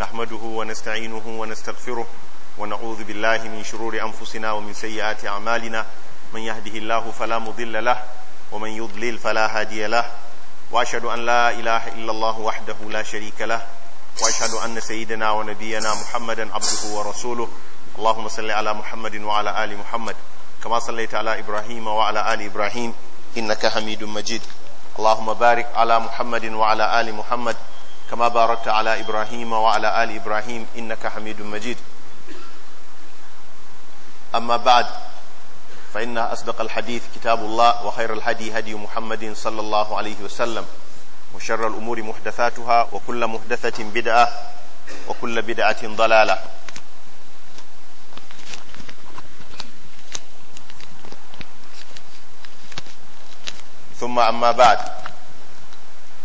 نحمده ونستعينه ونستغفره ونعوذ بالله من شرور أنفسنا ومن سيئات أعمالنا من يهده الله فلا مضل له ومن يضلل فلا هادي له وأشهد أن لا إله إلا الله وحده لا شريك له وأشهد أن سيدنا ونبينا محمدا عبده ورسوله اللهم صل على محمد وعلى آل محمد كما صليت على إبراهيم وعلى آل إبراهيم إنك حميد مجيد اللهم بارك على محمد وعلى آل محمد كما باركت على إبراهيم وعلى آل إبراهيم إنك حميد مجيد أما بعد فإن أصدق الحديث كتاب الله وخير الهدي هدي محمد صلى الله عليه وسلم وشر الأمور محدثاتها وكل محدثة بدعة وكل بدعة ضلالة ثم أما بعد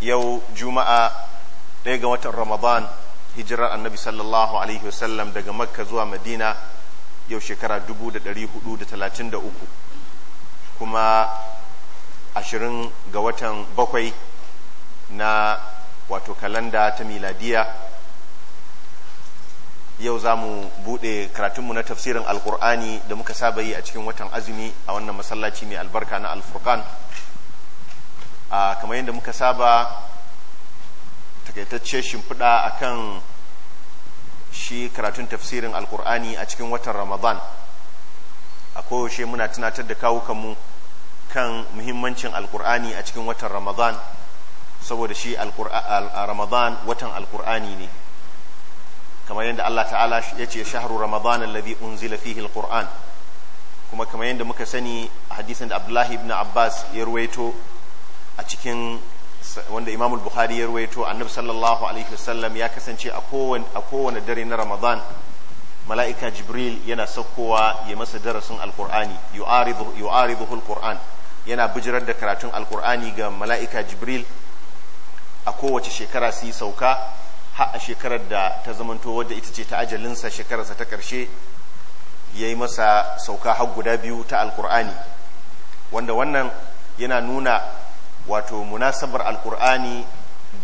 يوم جمعة ɗaya ga watan ramadan hijirar annabi sallallahu alaihi wasallam daga makka zuwa madina yau shekara 433 kuma ashirin ga watan bakwai na wato kalanda ta miladiya yau za mu buɗe karatunmu na tafsirin alkur'ani da muka saba yi a cikin watan azumi a wannan masallaci mai albarka na alfurkan ah, kamar yadda muka saba takaitacce shimfiɗa a kan shi karatun tafsirin alkur'ani a cikin watan ramadan a koyaushe muna tunatar da kawukanmu kan muhimmancin alkur'ani a cikin watan ramadan saboda shi ramadan watan alkur'ani ne kamar yadda allah ta'ala ya ce shaharu ramadan alladhi unzila fihi alkur'an kuma kamar yadda muka sani hadisan da abdullahi ibn abbas ya ruwaito a cikin wanda Imam Bukhari ya ruwaito Annabi sallallahu alaihi wasallam ya kasance a kowane dare na Ramadan mala'ika Jibril yana saukowa ya masa darasin Alqur'ani yu'aridu yu'aridu Alqur'an yana bijirar da karatun Alqur'ani ga mala'ika Jibril a kowace shekara su yi sauka har a shekarar da ta zamanto wadda ita ce ta ajalinsa shekararsa ta karshe ya yi masa sauka har guda biyu ta Alqur'ani wanda wannan yana nuna wato munasabar alkur'ani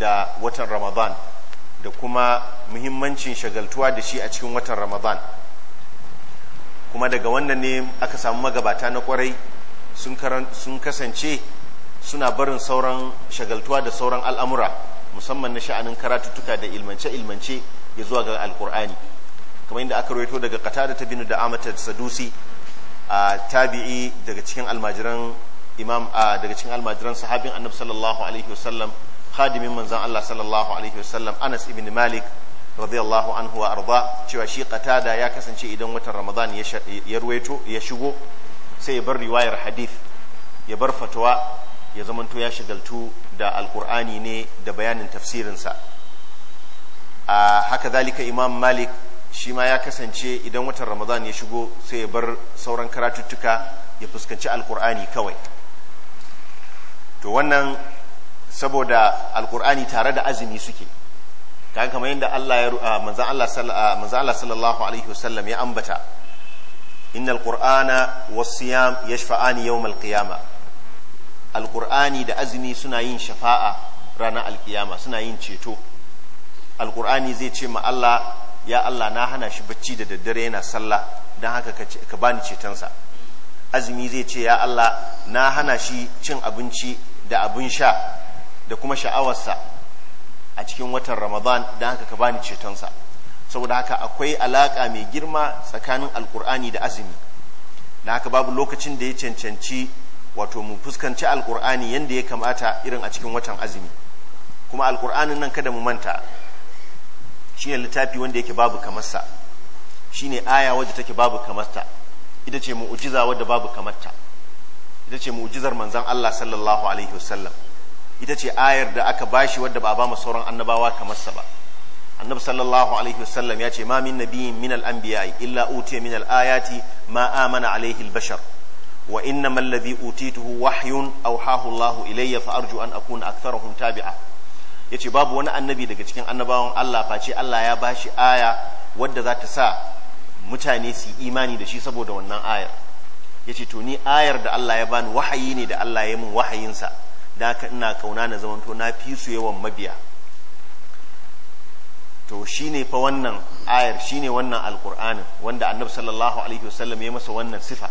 da watan ramadan da kuma muhimmancin shagaltuwa da shi a cikin watan ramadan kuma daga wannan ne aka samu magabata na kwarai sun kasance suna barin sauran shagaltuwa da sauran al'amura musamman na sha'anin karatuttuka da ilmance-ilmance ya zuwa ga alkur'ani kamar inda aka rawaito daga qatada ta binu da amatar sadusi a tabi'i daga cikin almajiran imam daga cikin almajiran sahabin annabi sallallahu alaihi wasallam khadimin manzon Allah sallallahu alaihi wasallam Anas ibn Malik radiyallahu anhu wa arda cewa shi qatada ya kasance idan watan Ramadan ya ruwaito ya shigo sai ya bar riwayar hadith ya bar fatawa ya zamanto ya shigaltu da alkur'ani ne da bayanin tafsirinsa a haka zalika imam malik shi ma ya kasance idan watan ramadan ya shigo sai ya bar sauran karatuttuka ya fuskanci alkur'ani kawai to wannan saboda alkur'ani tare da azumi suke kan kamar yadda Allah ya manzan Allah sallallahu alaihi wasallam ya ambata innal qur'ana was-siyam yashfa'ani yawm al-qiyama alkur'ani da azumi suna yin shafa'a ranar alkiyama suna yin ceto alkur'ani zai ce ma Allah ya Allah na hana shi bacci da daddare yana sallah don haka ka bani cetonsa azumi zai ce ya Allah na hana shi cin abinci da abin sha da kuma sha'awarsa a cikin watan ramadan don haka ka bani cetonsa saboda haka akwai alaka mai girma tsakanin alkur'ani da azumi da haka babu lokacin da ya cancanci wato mu fuskanci alkur'ani yadda ya kamata irin a cikin watan azumi kuma alkur'anin nan kada mu manta shi ne littafi wanda yake babu kamarsa ne aya wadda take babu kamasta ita ce mu'ujiza wadda babu kamarta ita ce mu'ujizar manzon Allah sallallahu alaihi wasallam ita ce ayar da aka bashi wadda ba ba sauran annabawa kamar sa ba annabi sallallahu alaihi wasallam ya ce ma min nabiyyin min al-anbiya illa utiya min al-ayati ma amana alaihi al-bashar wa inna mallabi ladhi utituhu wahyun awhahu Allah ilayya fa arju an akuna aktharahum tabi'a yace babu wani annabi daga cikin annabawan Allah face Allah ya bashi aya wadda za ta sa mutane su imani da shi saboda wannan ayar ya ce to ni ayar da Allah ya bani wahayi ne da Allah ya mun wahayinsa da haka ina kauna na zamanto na fi su yawan mabiya to shi ne fa wannan ayar shi ne wannan alkur'anin wanda annabi sallallahu alaihi wasallam ya masa wannan sifa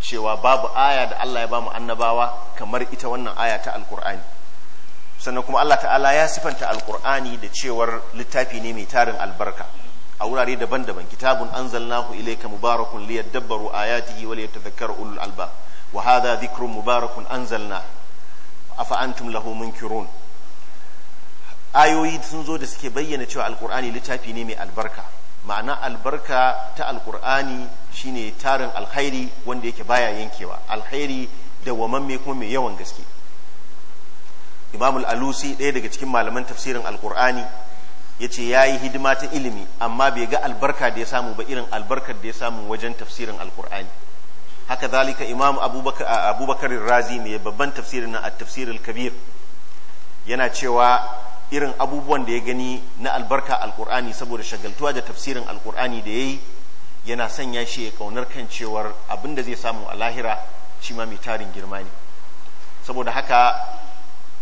cewa babu aya da Allah ya bamu annabawa kamar ita wannan aya ta alkur'ani sannan kuma Allah ta'ala ya sifanta alkur'ani da cewar littafi ne mai tarin albarka a wurare daban-daban kitabun anzalnahu ilayka mubarakun liyadabbaru ayatihi wa tafakkar ulul albab wa hadha dhikrun mubarakun anzalna afa antum lahu munkirun ayoyi sun zo da suke bayyana cewa alkur'ani littafi ne mai albarka ma'ana albarka ta alkur'ani shine tarin alkhairi wanda yake baya yankewa alkhairi da wamamme kuma mai yawan gaske imamul alusi ɗaya daga cikin malaman tafsirin alkur'ani. ya ce ya yi hidima ta ilimi amma bai ga albarka da ya samu ba irin albarkar da ya samu wajen tafsirin alkur'ani haka zalika imam abubakar razi mai babban tafsirin na tafsirin kabir yana cewa irin abubuwan da ya gani na albarka alkur'ani saboda shagaltuwa da tafsirin alkur'ani da ya yi yana sanya shi ya kaunar kan cewar abin da zai samu a lahira shi ma mai tarin girma ne saboda haka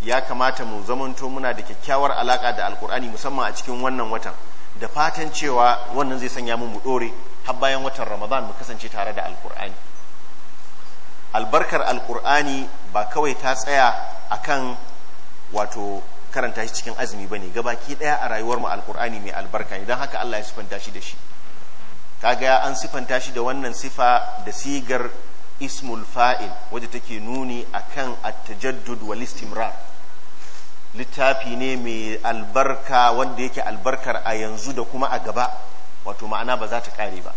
ya kamata mu zamanto muna da kyakkyawar alaka da alkur'ani musamman a cikin wannan watan da fatan cewa wannan zai sanya mu mu dore har bayan watan ramadan mu kasance tare da alkur'ani albarkar alkur'ani ba kawai ta tsaya a kan wato karanta shi cikin azumi ba ne ga gabaki ɗaya a rayuwar mu alkur'ani mai albarka idan haka Allah ya sifanta shi da shi ka kaga an sifanta shi da wannan sifa da sigar ismul fa'il wadda take nuni akan kan tajaddud littafi ne mai albarka wanda yake albarkar a yanzu da kuma a gaba wato ma'ana ba za ta kare ba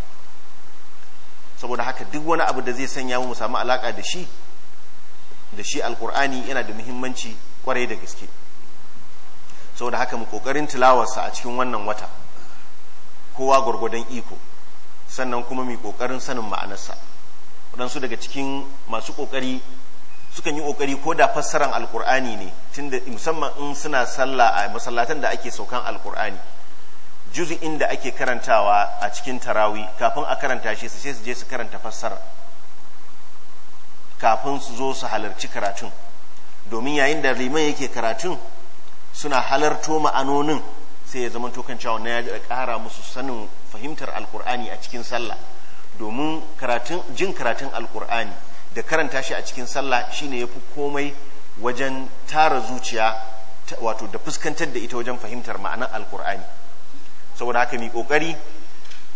saboda haka duk wani abu da zai sanya mu samu alaka da shi da shi alkur'ani yana da muhimmanci kwarai da gaske saboda haka mu kokarin tilawarsa a cikin wannan wata kowa gwargwadon iko sannan kuma mu kokarin sanin ma'anarsa waɗansu daga cikin masu ƙoƙari sukan yi ƙoƙari ko da fassaran alƙur'ani ne tunda musamman in suna sallah a masallatan da ake saukan alƙur'ani juzu'in da ake karantawa a cikin tarawi kafin a karanta shi su sai su je su karanta fassara kafin su zo su halarci karatun domin yayin da liman yake karatun suna halarto ma'anonin sai ya zama tokan cewa na ya ƙara musu sanin fahimtar alƙur'ani a cikin sallah domin jin karatun alkur'ani da karanta shi a cikin sallah shine fi komai wajen tara zuciya wato da fuskantar da ita wajen fahimtar ma'anar alkur'ani saboda haka mu kokari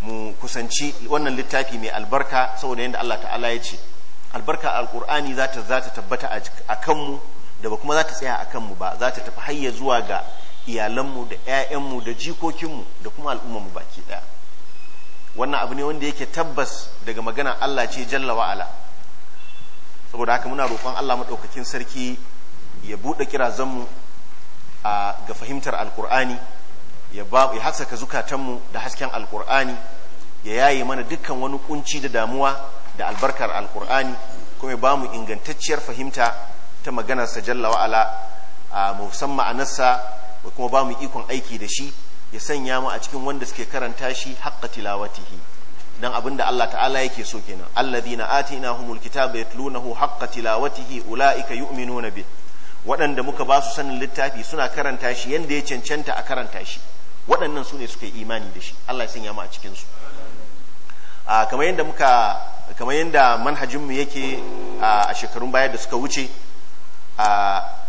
mu kusanci wannan littafi mai albarka saboda yadda Allah ta'ala ya ce albarka alkur'ani za ta za ta tabbata a kanmu da ba kuma za ta tsaya a kanmu ba za ta tafi hayya zuwa ga iyalanmu da 'ya'yanmu da jikokinmu da kuma al'ummarmu baki ɗaya. wannan abu ne wanda yake tabbas daga magana Allah ce jalla wa'ala saboda haka muna roƙon Allah maɗaukakin sarki ya buɗe kirazanmu ga fahimtar alkur'ani ya ba zukatanmu da hasken alkur'ani ya yaye mana dukkan wani ƙunci da damuwa da albarkar alkur'ani kuma ya ba mu ingantacciyar fahimta ta maganarsa jalla wa'ala a musamman ma'anarsa kuma ba mu ikon aiki da shi ya sanya mu a cikin wanda suke karanta shi haqqa tilawatihi dan abinda Allah ta'ala yake so kenan alladhina atinahumul kitaba yatlunahu haqqa tilawatihi ulaika yu'minuna bih waɗanda muka ba su sanin littafi suna karanta shi yanda ya cancanta a karanta shi waɗannan su ne suka imani da shi Allah ya sanya mu a cikin su kamar yadda muka kamar yadda manhajinmu yake a shekarun baya da suka wuce a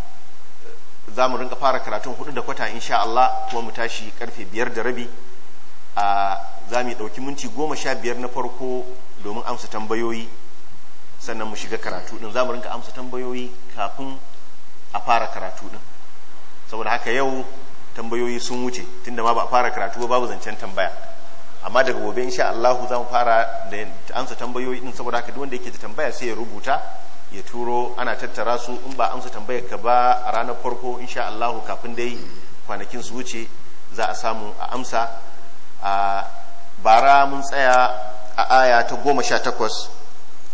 za mu rinka fara karatun hudu da kwata insha Allah kuma mu tashi karfe biyar da rabi a za mu ɗauki minti goma sha biyar na farko domin amsa tambayoyi sannan mu shiga karatu din za mu rinka amsa tambayoyi kafin a fara karatu din saboda haka yau tambayoyi sun wuce tunda ma ba a fara karatu ba babu zancen tambaya amma daga gobe insha Allah za mu fara da amsa tambayoyi din saboda haka duk wanda yake da tambaya sai ya rubuta ya turo ana tattara su in ba amsa tambaya ka ba a ranar farko insha Allahu kafin dai kwanakin su wuce za a samu a amsa a bara mun tsaya a aya ta goma sha takwas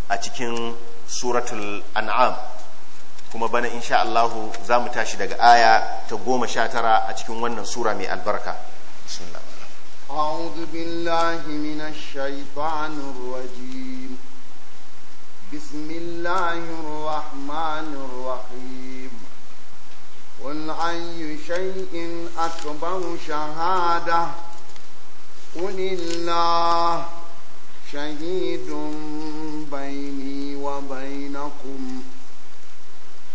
a cikin suratul an'am kuma bana insha Allahu za mu tashi daga aya ta goma sha tara a cikin wannan sura mai albarka أعوذ بالله من الشيطان الرجيم بسم الله الرحمن الرحيم قل أي شيء أكبر شهادة قل الله شهيد بيني وبينكم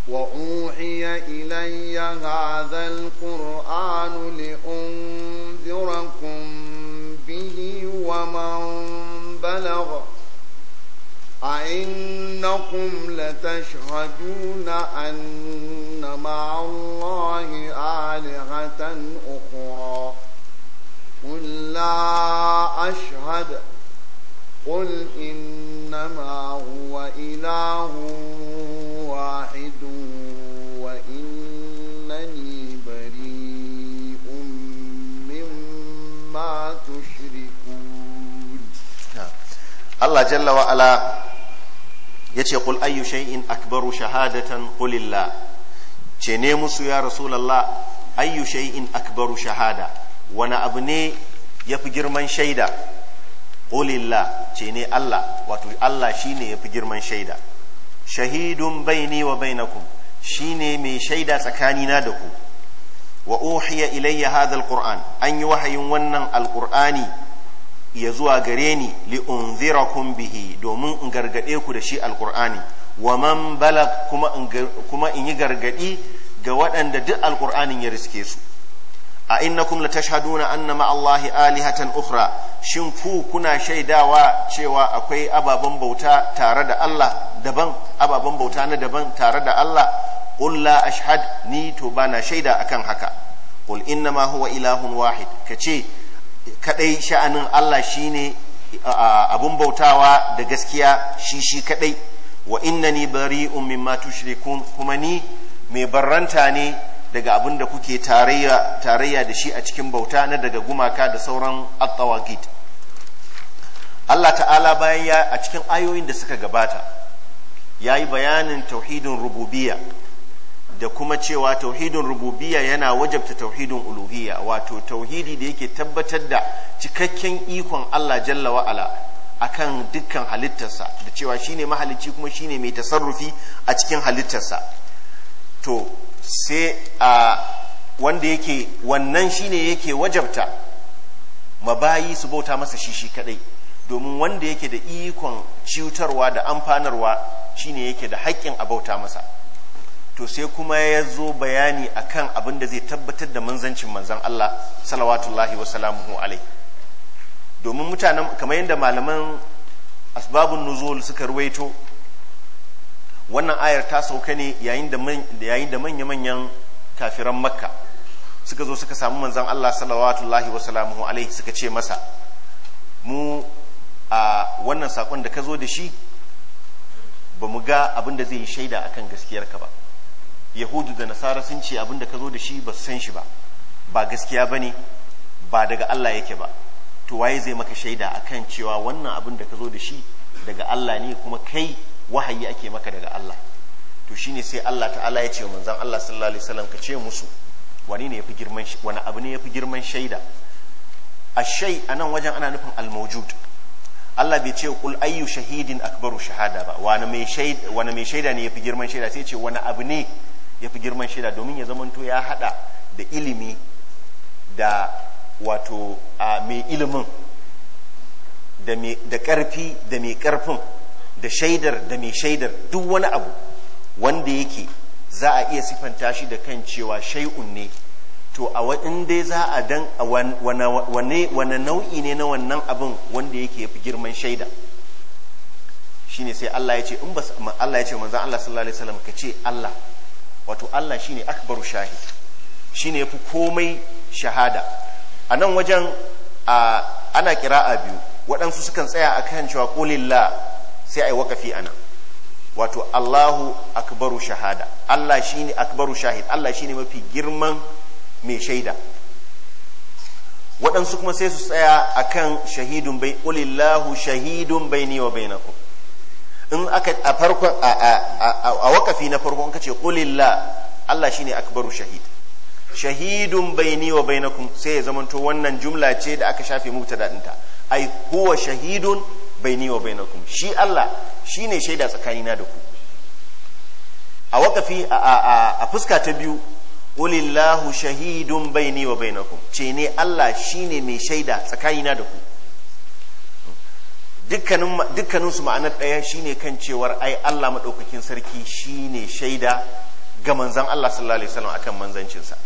وأوحي إلي هذا القرآن لأنذركم به ومن بلغ أئنكم لتشهدون أن مع الله آلهة أخرى قل لا أشهد قل إنما هو إله واحد وإنني بريء مما تشركون Allah jalla wa ala yace qul ayyu shay'in akbaru shahadatan qulillah ce ne musu ya rasulullah ayyu shay'in akbaru shahada wani abu ne yafi girman shaida Qulilla ce ne Allah wato Allah shine yafi girman shaida shahidun baini wa bainakum shine mai shaida tsakanina da ku wa uhiya ilayya hadha alquran an yi wahayin wannan alqur'ani ya zuwa gare ni li unzirakum bihi domin in gargade ku da shi alqur'ani wa man balag kuma in yi gargadi ga waɗanda duk alqur'anin ya riske su a innakum latashhaduna anna ma allahi alihatan ukhra shin ku kuna shaidawa cewa akwai ababen bauta tare da Allah daban ababen bauta na daban tare da Allah qul la ashhad ni to bana shaida akan haka qul inna ma huwa ilahun wahid kace kadai sha'anin Allah shine abun bautawa da gaskiya shi shi kadai wa bari bari'un mimma tushrikun kuma ni mai barranta ne daga abin da kuke tarayya da shi a cikin bauta na daga gumaka da sauran at-tawagit Allah ta'ala bayan ya a cikin ayoyin da suka gabata ya yi bayanin tauhidin rububiyya da kuma cewa tauhidin rububiyya yana wajabta tauhidin uluhiyya wato tauhidi da yake tabbatar da cikakken ikon Allah jalla wa'ala akan dukkan halittarsa da cewa shine mahalicci kuma shine mai tasarrufi a cikin halittarsa to sai a wanda yake wannan shine yake wajabta mabayi su bauta masa shi shi kadai domin wanda yake da ikon ciutarwa da amfanarwa shine yake da haƙƙin a bauta masa to sai kuma ya zo bayani akan abin da zai tabbatar da manzancin manzan Allah salawatullahi wasalamuhu alai domin mutanen kamar yadda malaman asbabun nuzul suka ruwaito wannan ayar ta sauka ne yayin da manya-manyan kafiran makka suka zo suka samu manzan Allah salawatullahi wasalamuhu alai suka ce masa mu a wannan sakon da ka zo da shi ba mu ga abin da zai yi shaida akan gaskiyarka ba yahudu da nasara sun ce abin da ka zo da shi ba san shi ba ba gaskiya ba ne ba daga Allah yake ba to waye zai maka shaida akan cewa wannan abin da ka zo da shi daga Allah ne kuma kai wahayi ake maka daga Allah to shine sai Allah ta'ala ya ce wa manzon Allah sallallahu alaihi wasallam ka ce musu wani ne yafi girman wani abu ne fi girman shaida ashai anan wajen ana nufin almawjud Allah bai ce kul ayyu shahidin akbaru shahada ba wani mai shaida ne ya fi girman shaida sai ce wani abu ne ya fi girman shaida domin ya zamanto ya hada da ilimi da wato a mai ilimin da karfi da mai karfin da shaidar da mai shaidar duk wani abu wanda yake za a iya sifanta shi da kan cewa shai'un ne to a waɗin dai za a dan wane wane nau'i ne na wannan abin wanda yake fi girman shaida shine sai Allah ya ce in ba Allah ya ce wanzan Allah sallallahu alaihi wasallam ka ce Allah wato Allah shine akbaru shahid shine yafi komai shahada a nan wajen ana kira'a biyu waɗansu sukan tsaya akan cewa qulillah sai ai waqafi ana wato Allahu akbaru shahada Allah shine akbaru shahid Allah shine mafi girman mai shaida waɗansu kuma sai su tsaya akan shahidun bai qulillahu shahidun baini wa bainakum in aka a farkon a wakafi na farko in kace qulilla Allah shine akbaru shahid shahidun baini wa bainakum sai ya zamanto wannan jumla ce da aka shafe mubtada dinta ai huwa shahidun baini wa bainakum shi Allah shine shaida tsakanina da ku a wakafi a fuska ta biyu qulillahu shahidun baini wa bainakum ce ne Allah shine mai shaida tsakanina da ku dukkaninsu ma'anar ɗaya shine kan cewar ai Allah maɗaukakin sarki shine shaida ga manzan Allah sallallahu alaihi wasallam akan manzancinsa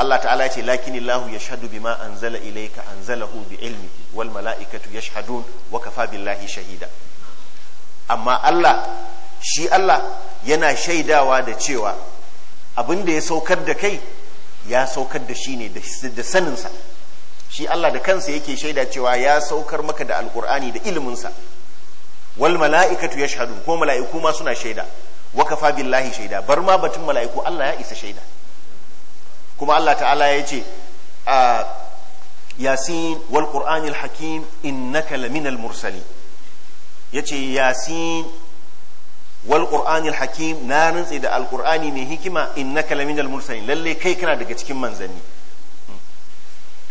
Allah ta'ala ce lakinillahu yashadu bima anzala ilayka anzalahu bi ilmihi wal mala'ikatu yashhadun wa kafa billahi shahida amma Allah shi Allah yana shaidawa da cewa abin da ya saukar da kai ya saukar da shi ne da saninsa shi Allah da kansa yake shaida cewa ya saukar maka da alkur'ani da iliminsa wal mala'ikatu yashhadu ko mala'iku ma suna shaida wa kafa billahi shaida bar ma batun mala'iku Allah ya isa shaida kuma Allah ta'ala ya ce a yasin wal qur'anil hakim innaka laminal mursalin yace yasin wal qur'anil hakim na rantsi da alqur'ani mai hikima innaka laminal mursalin lalle kai kana daga cikin manzanni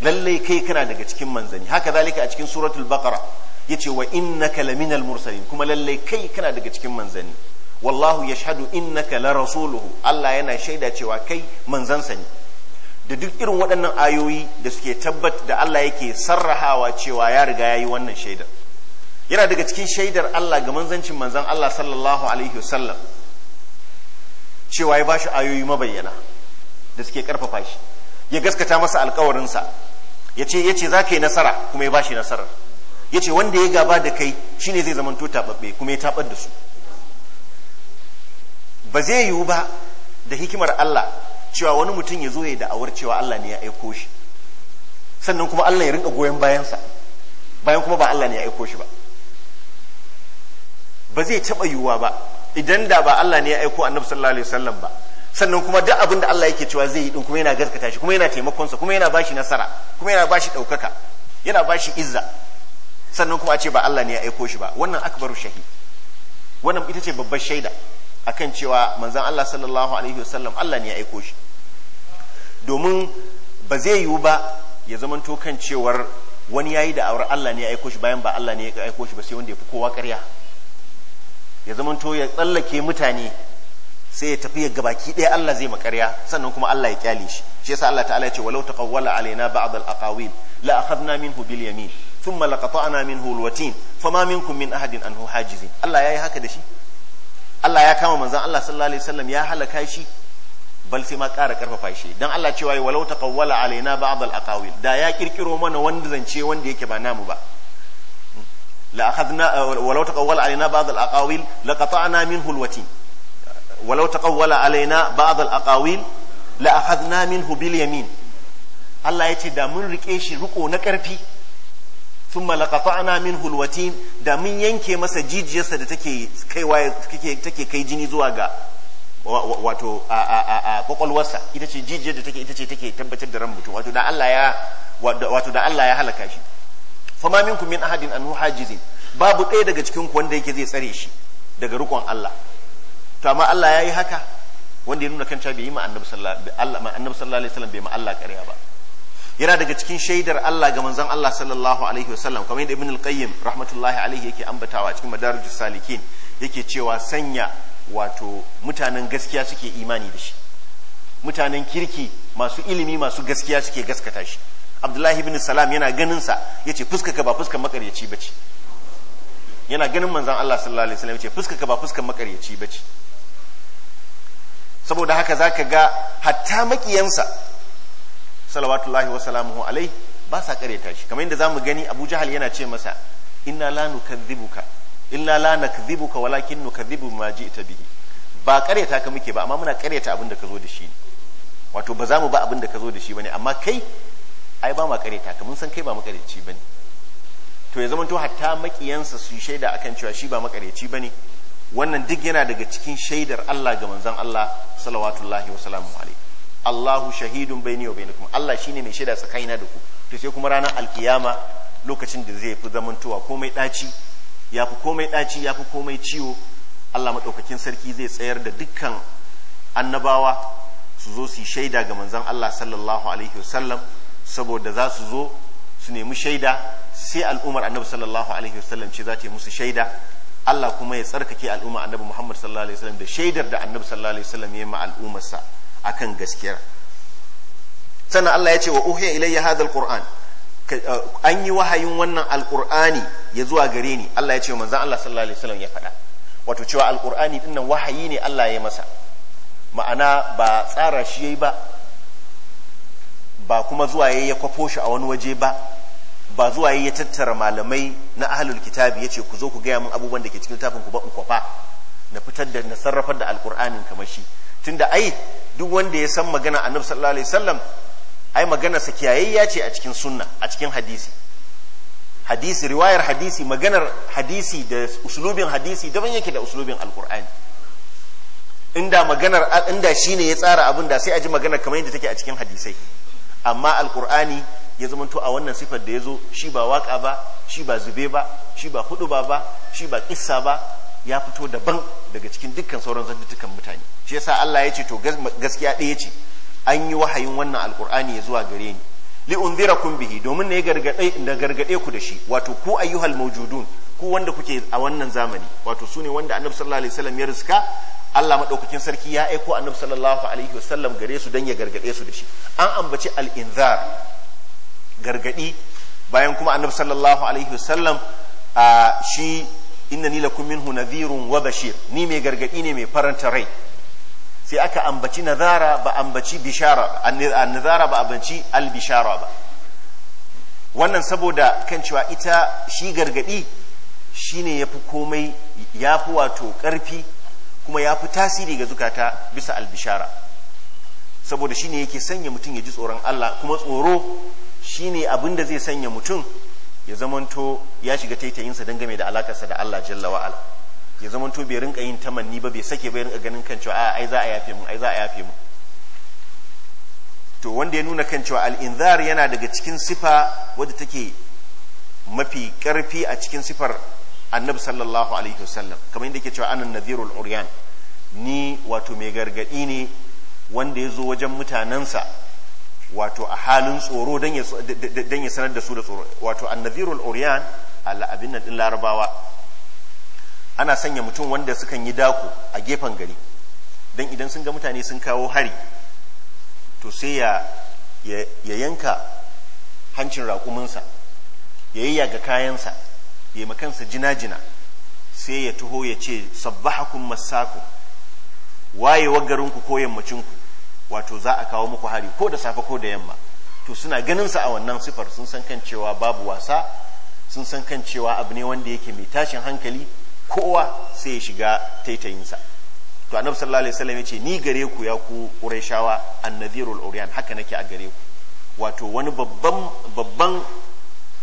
lallai kai kana daga cikin manzani haka zalika a cikin suratul baqara yace wa innaka laminal mursalin kuma lallai kai kana daga cikin manzani wallahu yashhadu innaka la rasuluhu Allah yana shaida cewa kai manzansa ne da duk irin waɗannan ayoyi da suke tabbat da Allah yake sarrahawa cewa ya riga yayi wannan shaida yana daga cikin shaidar Allah ga manzancin manzan Allah sallallahu alaihi wasallam cewa ya bashi ayoyi mabayyana da suke karfafa shi ya gaskata masa alkawarinsa yace yace zaka yi nasara kuma ya ba bashi nasarar ce wanda ya gaba da kai shine zai zamanto tababbe kuma ya tabar da su ba zai yiwu ba da hikimar Allah cewa wani mutum ya zo ya da awar cewa Allah ne ya aiko shi sannan kuma Allah ya rinka goyon bayansa bayan kuma ba Allah ne ya aiko shi ba ba zai taɓa yiwuwa ba idan da ba Allah ne ya aiko annabi sallallahu alaihi wasallam ba sannan kuma duk abin da Allah yake cewa zai yi din kuma yana gaskata shi kuma yana taimakon sa kuma yana bashi nasara kuma yana bashi ɗaukaka yana bashi izza sannan kuma a ce ba Allah ne ya aiko shi ba wannan akbaru shahid wannan ita ce babbar shaida akan cewa manzon Allah sallallahu alaihi wasallam Allah ne ya aiko shi domin ba zai yiwu ba ya zamanto kan cewar wani yayi da aure Allah ne ya aiko shi bayan ba Allah ne ya aiko shi ba sai wanda ya fi kowa ƙarya ya zamanto ya tsallake mutane sai ya tafi ya gabaki ɗaya Allah zai makarya sannan kuma Allah ya kyale shi shi yasa Allah ta'ala ya ce walau taqawwala alaina ba'd al-aqawil la akhadna minhu bil yamin thumma laqata'na minhu al-watin fama minkum min ahadin anhu hajizin Allah yayi haka da shi Allah ya kama manzon Allah sallallahu alaihi wasallam ya halaka shi bal sai ma ƙara karfafa shi dan Allah cewa walau taqawwala alaina ba'd al-aqawil da ya kirkiro mana wanda zance wanda yake ba namu ba la akhadna walau taqawwala alaina ba'd al-aqawil laqata'na minhu al-watin walau taqawwala alaina ba'd al-aqawil la akhadna minhu bil yamin Allah ce da mun rike shi riko na karfi thumma laqata'na minhu al-watin da mun yanke masa jijiyarsa da take kai jini zuwa ga wato a kwakwalwarsa ita ce jijiyar da ita ce take tabbatar da ran mutum wato da Allah ya wato da Allah ya halaka shi fama minkum min ahadin a hajizin babu ɗaya daga cikin ku wanda yake zai tsare shi daga rukon Allah to amma Allah ya yi haka wanda ya nuna kan cewa bai yi ma annabi sallallahu alaihi wasallam bai ma Allah ƙarya ba yana daga cikin shaidar Allah ga manzon Allah sallallahu alaihi wasallam kamar yadda Ibn al-Qayyim rahmatullahi alaihi yake ambatawa cikin Madarijus Salikin yake cewa sanya wato mutanen gaskiya suke imani da shi mutanen kirki masu ilimi masu gaskiya suke gaskata shi Abdullahi ibn Salam yana ganin sa yace fuska ka ba fuskan makaryaci bace yana ganin manzon Allah sallallahu alaihi wasallam yace fuska ka ba fuskan makaryaci bace saboda haka za ka ga hatta makiyansa salawatullahi wa salamuhu alai ba sa kareta shi kamar yadda mu gani Abu Jahal yana ce masa inna la nukadhibuka illa la nakdhibuka walakin nukadhibu ma ji'ta bihi ba kareta ka muke ba amma muna kareta abin da ka zo da shi wato ba za mu ba abin da ka zo da shi bane amma kai ai ba ma kareta ka mun san kai ba makareci bane to ya zama to hatta makiyansa su shaida akan cewa shi ba makareci bane wannan duk yana daga cikin shaidar Allah ga manzon Allah salawatullahi wa salamu Allahu shahidun baini wa bainakum Allah shine mai shaida tsakanina da ku to sai kuma ranar alkiyama lokacin da zai fi zamantowa komai ɗaci ya fi komai daci ya fi komai ciwo Allah madaukakin sarki zai tsayar da dukkan annabawa su zo su shaida ga manzon Allah sallallahu alaihi wasallam saboda za su zo su nemi shaida sai al'umar annabi sallallahu alaihi wasallam ce za ta yi musu shaida Allah kuma ya tsarkake al'umma annabi Muhammad sallallahu alaihi wasallam da shaidar da annabi sallallahu alaihi wasallam ya yi ma al'ummarsa akan gaskiya sannan Allah ya ce wa uhiya ilayya hadha alquran uh, an yi wahayin wannan alqurani ya zuwa gare ni Allah ya ce manzon Allah sallallahu alaihi wasallam ya faɗa wato cewa alqurani din nan wahayi ne Allah ya masa ma'ana ba tsara shi yayi ba ba kuma zuwa yayi ya kwafo shi a wani waje ba ba zuwa ya tattara malamai na ahlul kitabi ya ce ku zo ku gaya min abubuwan da ke cikin littafin ku ba in kwafa na fitar da na sarrafar da alkur'anin kamar shi Tun da ai duk wanda ya san magana annabi sallallahu alaihi wasallam ai magana sa kiyayayya ce a cikin sunna a cikin hadisi hadisi riwayar hadisi maganar hadisi da uslubin hadisi daban yake da uslubin alkurani inda maganar inda shine ya tsara abin da sai a ji magana kamar yadda take a cikin hadisai amma alkur'ani ya zama to a wannan sifar da ya zo shi ba waka ba shi ba zube ba shi ba hudu ba ba shi ba kissa ba ya fito daban daga cikin dukkan sauran zantutukan mutane shi yasa Allah ya ce to gaskiya ɗaya ce an yi wahayin wannan alkur'ani ya zuwa gare ni li kun bihi domin ne gargade da gargade ku da shi wato ku ayyuhal mawjudun ku wanda kuke a wannan zamani wato su ne wanda annabi sallallahu alaihi wasallam ya riska Allah maɗaukakin sarki ya aiko annabi sallallahu alaihi wasallam gare su don ya gargaɗe su da shi an ambaci al-inzar gargadi bayan kuma annabi sallallahu alaihi wasallam a shi ni lakum minhu nadhirun wa bashir ni mai gargadi ne mai faranta rai sai aka ambaci nazara ba ambaci bishara nazara ba ambaci albishara ba wannan saboda kan cewa ita shi gargadi shine yafi komai yafi wato karfi kuma yafi tasiri ga zukata bisa albishara saboda shine yake sanya mutum ya ji tsoron Allah kuma tsoro Shi ne abin da zai sanya mutum ya zamanto ya shiga taitayinsa game da alakarsa da Allah jalla wa'ala ya zamanto bai rinka yin tamanni ba bai sake bai rinka ganin kan cewa ai za a yafe mu ai za a yafe mu to wanda ya nuna kan cewa al-inzar yana daga cikin sifa wadda take mafi karfi a cikin sifar annabi sallallahu alaihi wasallam kamar yadda yake cewa anan nadhirul uryan ni wato mai gargaɗi ne wanda ya zo wajen mutanensa wato a halin tsoro don ya sanar da su da tsoro wato annazirul uriyan abin nan din larabawa ana sanya mutum wanda sukan yi dako a gefen gari don idan sun ga mutane sun kawo hari to sai ya yanka hancin raƙuminsa ya yi yaga kayansa ya yi kansa jina-jina sai ya taho ya ce sabbahakum masakum wayewa garinku ko yammacinku wato za a kawo muku hari ko da safe ko da yamma to suna ganin sa a wannan sifar sun san kan cewa babu wasa sun san kan cewa abu ne wanda yake mai tashin hankali kowa sai ya shiga taitayinsa to annabi sallallahu alaihi wasallam yace ni gare ku ya ku quraishawa annadhirul uryan haka nake a gare ku wato wani babban babban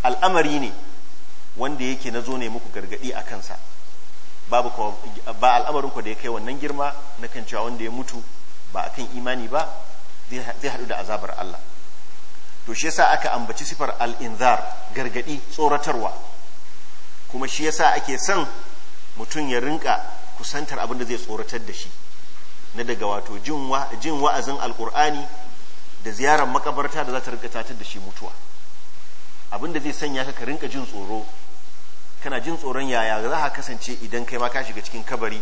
al'amari ne wanda yake nazo ne muku gargadi a kansa babu ba al'amarin ku da ya kai wannan girma na kan cewa wanda ya mutu ba a kan imani ba zai haɗu da azabar Allah to shi yasa aka ambaci sifar al'inzar inzar gargadi tsoratarwa kuma shi yasa ake son mutum ya rinka kusantar abin da zai tsoratar da shi na daga wato jin wa'azin alƙur'ani da ziyarar makabarta da za ta rinka tatar da shi mutuwa abin da zai sanya ka rinka jin tsoro kana jin tsoron yaya za ka kasance idan kai ma ka shiga cikin kabari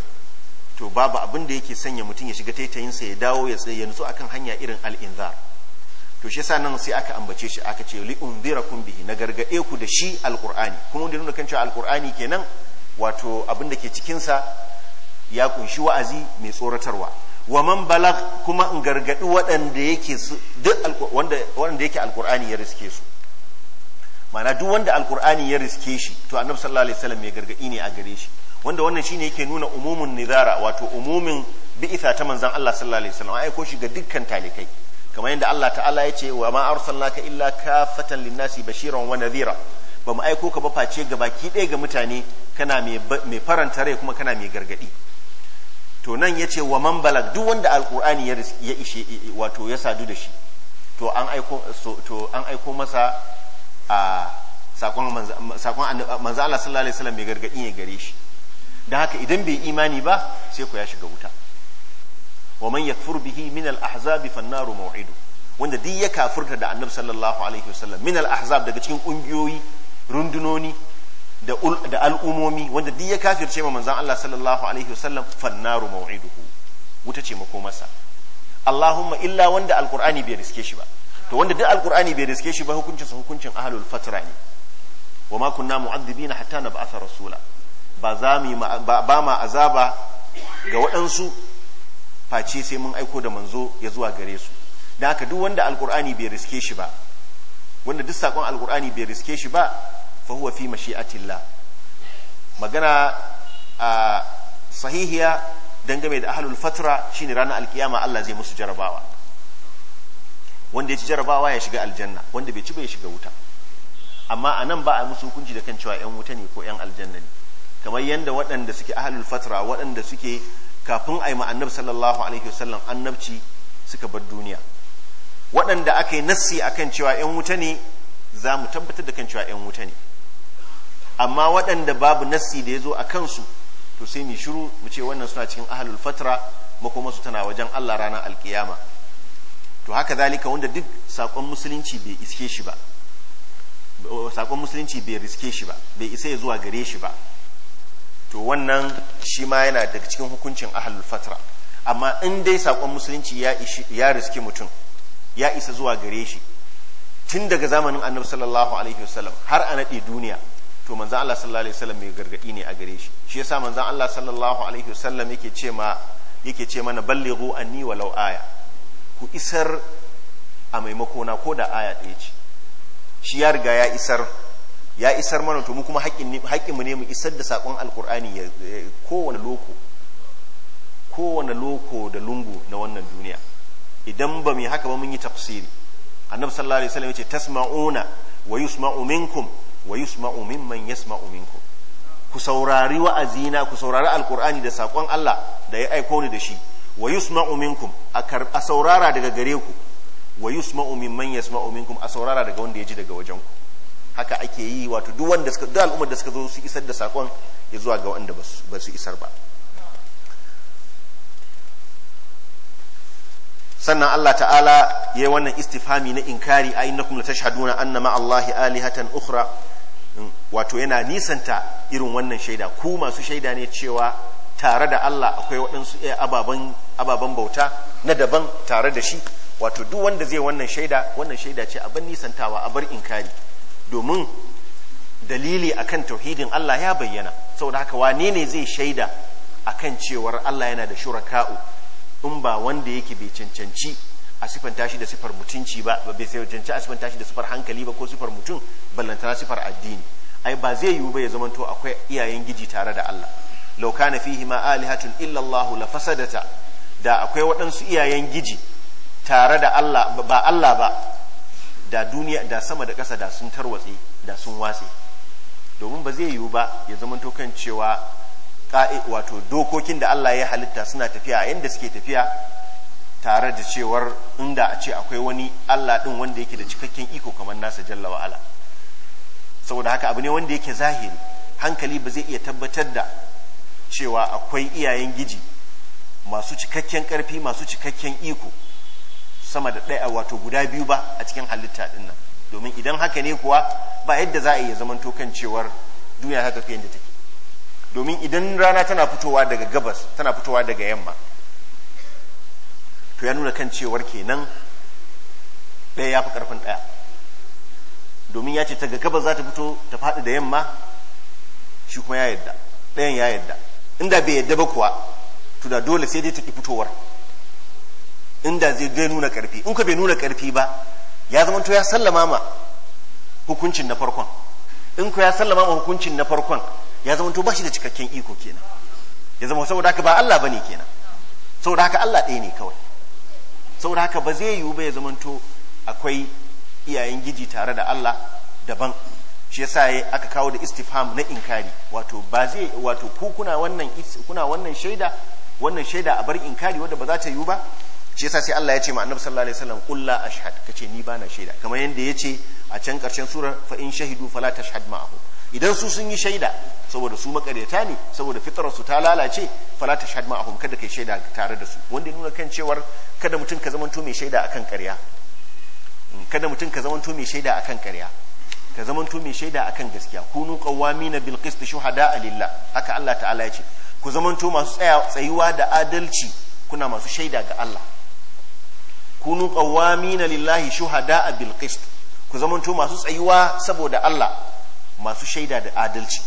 to babu abin da yake sanya mutum ya shiga taitayin sa ya dawo ya tsaye ya nutsu akan hanya irin al'inzar to shi yasa nan sai aka ambace shi aka ce li unzirakum bihi na gargade ku da shi alqur'ani kuma wanda nuna kan cewa alqur'ani kenan wato abin da ke cikin sa ya kunshi wa'azi mai tsoratarwa wa man balag kuma in gargadi waɗanda yake su duk wanda wanda yake alqur'ani ya riske su ma'ana duk wanda alqur'ani ya riske shi to annabi sallallahu alaihi wasallam ya gargadi ne a gare shi wanda wannan shine yake nuna umumin nizara wato umumin bi'itha ta manzon Allah sallallahu alaihi wasallam aiko shi ga dukkan talikai kamar yadda Allah ta'ala ya ce wa ma arsalnaka illa kafatan linnasi bashiran wa nadhira ba mu aiko ka ba face ga baki ɗaya ga mutane kana mai faranta rai kuma kana mai gargadi to nan ya ce wa man balag duk wanda alkur'ani ya ishe wato ya sadu da shi to an aiko to an aiko masa a sakon manzo Allah sallallahu alaihi wasallam mai gargadi ne gare shi da haka idan bai imani ba sai ku ya shiga wuta wa man yakfur bihi min al ahzabi fan naru maw'idu wanda duk ya kafurta da annabi sallallahu alaihi wasallam min al ahzab daga cikin ƙungiyoyi rundunoni da da al'umomi wanda duk ya kafirce ma manzon Allah sallallahu alaihi wasallam fan naru maw'iduhu wuta ce makomarsa Allahumma illa wanda alqur'ani bai riske shi ba to wanda duk alqur'ani bai riske shi ba hukuncin sa hukuncin ahlul fatra ne wa ma kunna mu'adhibina hatta nab'atha rasula ba za mu ba ma azaba ga waɗansu face sai mun aiko da manzo ya zuwa gare su da haka duk wanda alkur'ani bai riske shi ba wanda duk sakon alkur'ani bai riske shi ba fa huwa fi mashi'atillah magana a sahihiya dangane da ahlul fatra shine ranar alkiyama Allah zai musu jarabawa wanda ya ci jarabawa ya shiga aljanna wanda bai ci ya shiga wuta amma anan ba a musu hukunci da kan cewa yan wuta ne ko yan aljanna ne kamar yadda waɗanda suke ahlul fatra waɗanda suke kafin a yi ma'annab sallallahu alaihi wasallam annabci suka bar duniya waɗanda aka yi nassi akan cewa 'yan wuta ne za mu tabbatar da kan cewa 'yan wuta ne amma waɗanda babu nassi da ya zo a kansu to sai mu shiru mu ce wannan suna cikin ahlul fatra makoma su tana wajen Allah ranar alkiyama to haka zalika wanda duk sakon musulunci bai iske shi ba sakon musulunci bai riske shi ba bai isa ya zuwa gare shi ba to wannan shi ma yana daga cikin hukuncin ahalul fatra amma in dai sakon musulunci ya ya riski mutum ya isa zuwa gare shi tun daga zamanin annabi sallallahu alaihi wasallam har a nade duniya to manzon Allah sallallahu alaihi wasallam mai gargadi ne a gare shi shi yasa manzon Allah sallallahu alaihi wasallam yake ce ma yake ce mana ballighu anni wa lau'aya ku isar a maimako na ko da aya ɗaya ce shi ya riga ya isar ya isar mana to mu kuma haƙƙinmu ne mu isar da saƙon alƙur'ani ya kowane loko kowane loko da lungu na wannan duniya idan ba mu haka ba mun yi tafsiri annabi sallallahu alaihi wasallam yace tasma'una wa yusma'u minkum wa yusma'u mimman yasma'u minkum ku saurari wa'azina ku saurari alƙur'ani da saƙon Allah da ya aiko ni da shi wa yusma'u minkum a saurara daga gare ku wa yusma'u mimman yasma'u minkum a saurara daga wanda ya ji daga wajen ku haka ake yi wato duk wanda suka duk al'ummar da suka zo su isar da sakon ya zuwa ga wanda ba su isar ba sannan Allah ta'ala yayi wannan istifhami na inkari a innakum tashhaduna anna ma Allahi alihatan ukhra mm, wato yana nisanta irin wannan shaida ku masu shaida ne cewa tare da Allah akwai waɗansu eh, ababen ababan bauta na daban tare da shi wato duk wanda zai wannan shaida wannan shaida ce a ban nisantawa a bar inkari domin dalili akan tauhidin Allah ya bayyana saboda haka wane ne zai shaida akan cewar Allah yana da shuraka'u in ba wanda yake bai cancanci a sifanta shi da sifar mutunci ba Ba bai cancanci a sifanta shi da sifar hankali ba ko sifar mutum ballantana sifar addini ai ba zai yiwu ba ya zamanto akwai iyayen giji tare da Allah Lauka na fihi ma alihatun illa Allah la fasadata da akwai waɗansu iyayen giji tare da Allah ba Allah ba da duniya da sama da ƙasa da sun tarwatse da sun watse domin ba zai yiwu ba ya zama kan cewa wato dokokin da Allah ya halitta suna tafiya a yadda suke tafiya tare da cewar inda a ce akwai wani Allah ɗin wanda yake da cikakken iko kamar nasa jalla wa'ala saboda haka abu ne wanda yake zahiri hankali ba zai iya tabbatar da cewa akwai iyayen giji masu cikakken ƙarfi masu cikakken iko sama da ɗaya wato guda biyu ba a cikin halitta ɗin nan domin idan haka ne kuwa ba yadda za a iya zaman tokan cewar duniya haka fiye da take domin idan rana tana fitowa daga gabas tana fitowa daga yamma to ya nuna kan cewar kenan ɗaya ya fi ƙarfin ɗaya domin ya ce ta ga gabas za ta fito ta faɗi da yamma shi kuma ya yadda ɗayan ya yadda inda bai yadda ba kuwa to da dole sai dai ta ki fitowar inda zai zai nuna karfi in ka bai nuna karfi ba ya zama to ya sallama ma hukuncin na farkon in ku ya sallama ma hukuncin na farkon ya zama to ba shi da cikakken iko kenan ya zama saboda haka ba Allah bane kenan saboda haka Allah ɗaya ne kawai saboda haka ba zai yiwu ba ya zama to akwai iyayen giji tare da Allah daban shi yasa aka kawo da istifham na inkari wato ba zai wato ku kuna wannan kuna wannan shaida wannan shaida a bar inkari wanda ba za ta yiwu ba shi yasa sai Allah ya ce ma annabi sallallahu alaihi wasallam qul la ashhad kace ni bana shaida kamar yanda ce a can karshen surar fa in shahidu fala tashhad ma'ahum idan su sun yi shaida saboda su makaryata ne saboda fitarar su ta lalace fala tashhad ma'ahum kada kai shaida tare da su wanda ya nuna kan cewar kada mutum ka zamanto mai shaida akan ƙarya mm, kada mutum ka zamanto mai shaida akan ƙarya ka zamanto mai shaida akan gaskiya kunu qawwamina bil qist shuhada lillah haka Allah ta'ala ya ce ku zamanto masu tsayuwa da adalci kuna masu shaida ga Allah kunu na lillahi shuhada bil qist ku zamanto masu tsayuwa saboda Allah masu shaida da adalci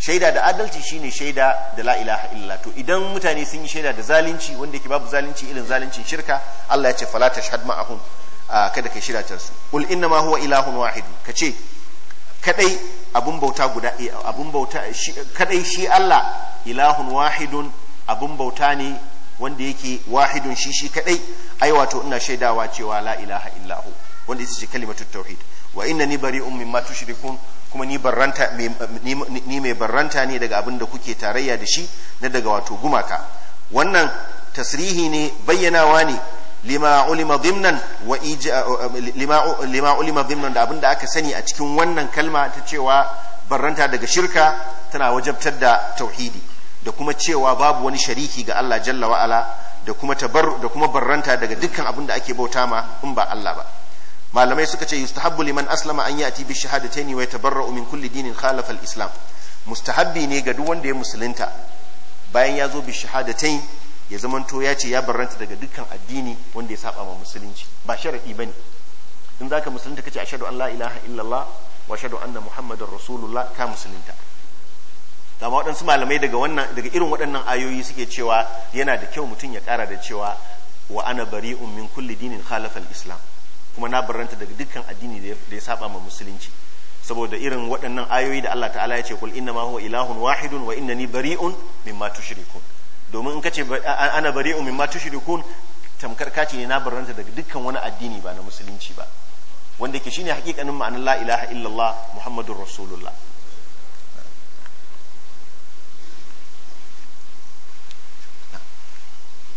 shaida da adalci shine shaida da la ilaha illa to idan mutane sun yi shaida da zalunci wanda yake babu zalunci irin zaluncin shirka Allah ya ce fala tashhad ma'ahum kada kai shira su qul inna ma huwa ilahun wahid kace kadai abun bauta guda eh, abun bauta kadai shi Allah ilahun wahidun abun bauta ne wanda yake wahidun shi shi kadai ai wato ina shaidawa cewa la ilaha illa hu wanda yake ce kalimatu tauhid wa inna ni bari'un mimma tushrikun kuma ni barranta ni mai barranta ne daga abin da kuke tarayya da shi na daga wato gumaka wannan tasrihi ne bayyanawa ne lima ulima dhimnan wa lima ulima dhimnan da abin da aka sani a cikin wannan kalma ta cewa barranta daga shirka tana wajabtar da tauhidi da kuma cewa babu wani shariki ga Allah jalla wa'ala da kuma tabar da kuma barranta daga dukkan abin da ake bauta ma in ba Allah ba malamai suka ce yustahabbu liman aslama an yati bi shahadataini wa yatabarra'u min kulli dinin khalafa al-islam mustahabbi ne ga duk wanda ya musulunta bayan ya zo bi shahadatain ya zamanto ya ce ya barranta daga dukkan addini wanda ya saba ma musulunci ba sharadi bane in zaka musulunta kace ashhadu an la ilaha illallah wa ashhadu anna muhammadar rasulullah ka musulunta ma waɗansu malamai daga wannan daga irin waɗannan ayoyi suke cewa yana da kyau mutum ya ƙara da cewa wa ana bari'un min kulli dinin khalafal islam kuma na barranta daga dukkan addini da ya saba ma musulunci saboda irin waɗannan ayoyi da Allah ta'ala ya ce kul inna ma huwa ilahun wahidun wa innani bari'un mimma tushrikun domin in kace ana bari'un mimma tushrikun tamkar kaci ne na barranta daga dukkan wani addini ba na musulunci ba wanda ke shine hakikanin ma'anar la ilaha illallah muhammadur rasulullah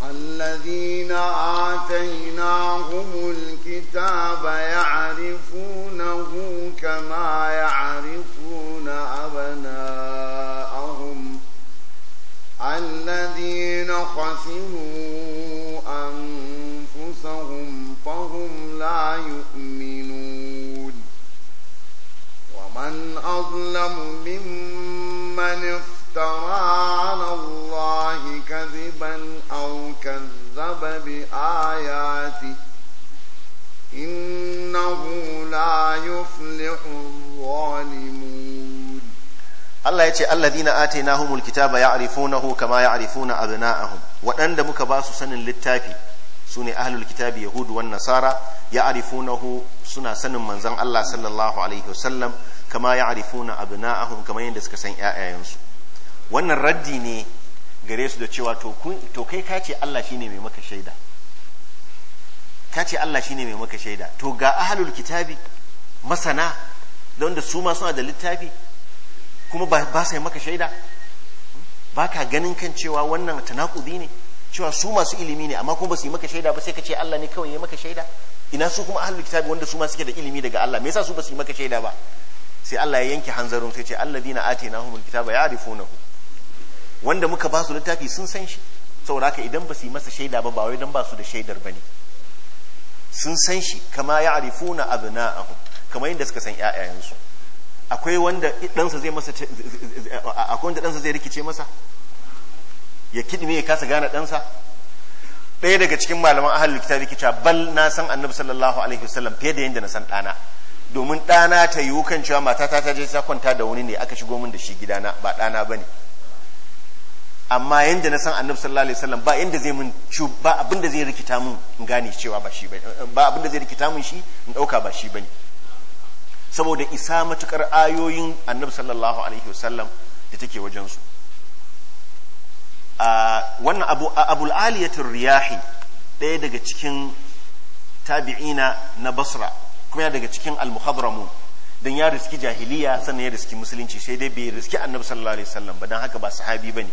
الذين آتيناهم الكتاب يعرفونه كما يعرفون أبناءهم الذين خسروا أنفسهم فهم لا يؤمنون ومن أظلم ممن افترى على الله كذبا بآياته إنه لا يفلح الظالمون الله يتي الذين آتيناهم الكتاب يعرفونه كما يعرفون أبناءهم وأند مكباس سن للتافي سنة أهل الكتاب يهود والنصارى يعرفونه سنة سن منزل الله صلى الله عليه وسلم كما يعرفون أبناءهم كما يندس كسن آيانسو wannan raddi ne gare su da cewa to kai ka ce Allah shine mai maka shaida ka ce Allah shine mai maka shaida to ga ahalul kitabi masana da wanda su ma suna da littafi kuma ba sa maka shaida ba ka ganin kan cewa wannan tanakudi ne cewa su masu ilimi ne amma kuma ba su yi maka shaida ba sai ka ce Allah ne kawai ya maka shaida ina su kuma ahalul kitabi wanda su ma suke da ilimi daga Allah me yasa su ba su yi maka shaida ba sai Allah ya yanke hanzarin sai ce alladina atainahumul kitaba ya'rifunahu wanda muka ba su littafi sun san shi saboda haka idan ba su yi masa shaida ba ba wai dan ba su da shaidar bane sun san shi kama ya'rifuna abna'ahu kamar yadda suka san su akwai wanda sa zai masa akwai wanda ɗansa zai rikice masa ya kidime ya kasa gane ɗansa ɗaya daga cikin malaman ahalul kitabi rikica bal na san annabi sallallahu alaihi wasallam fiye da yadda na san ɗana domin ɗana ta yiwu kan cewa matata ta je ta kwanta da wani ne aka shigo min da shi gidana ba ɗana bane ne amma yadda na san annabi sallallahu alaihi wasallam ba inda zai mun ba abin da zai rikita mun in gane cewa ba shi bane ba abin da zai rikita mun shi in dauka ba shi bane saboda isa matukar ayoyin annabi sallallahu alaihi wasallam da take wajen su a wannan abu abul aliyatur riyahi daya daga cikin tabi'ina na basra kuma ya daga cikin al-muhadramun dan ya riski jahiliya sannan ya riski musulunci sai dai bai riski annabi sallallahu alaihi wasallam ba dan haka ba sahabi bane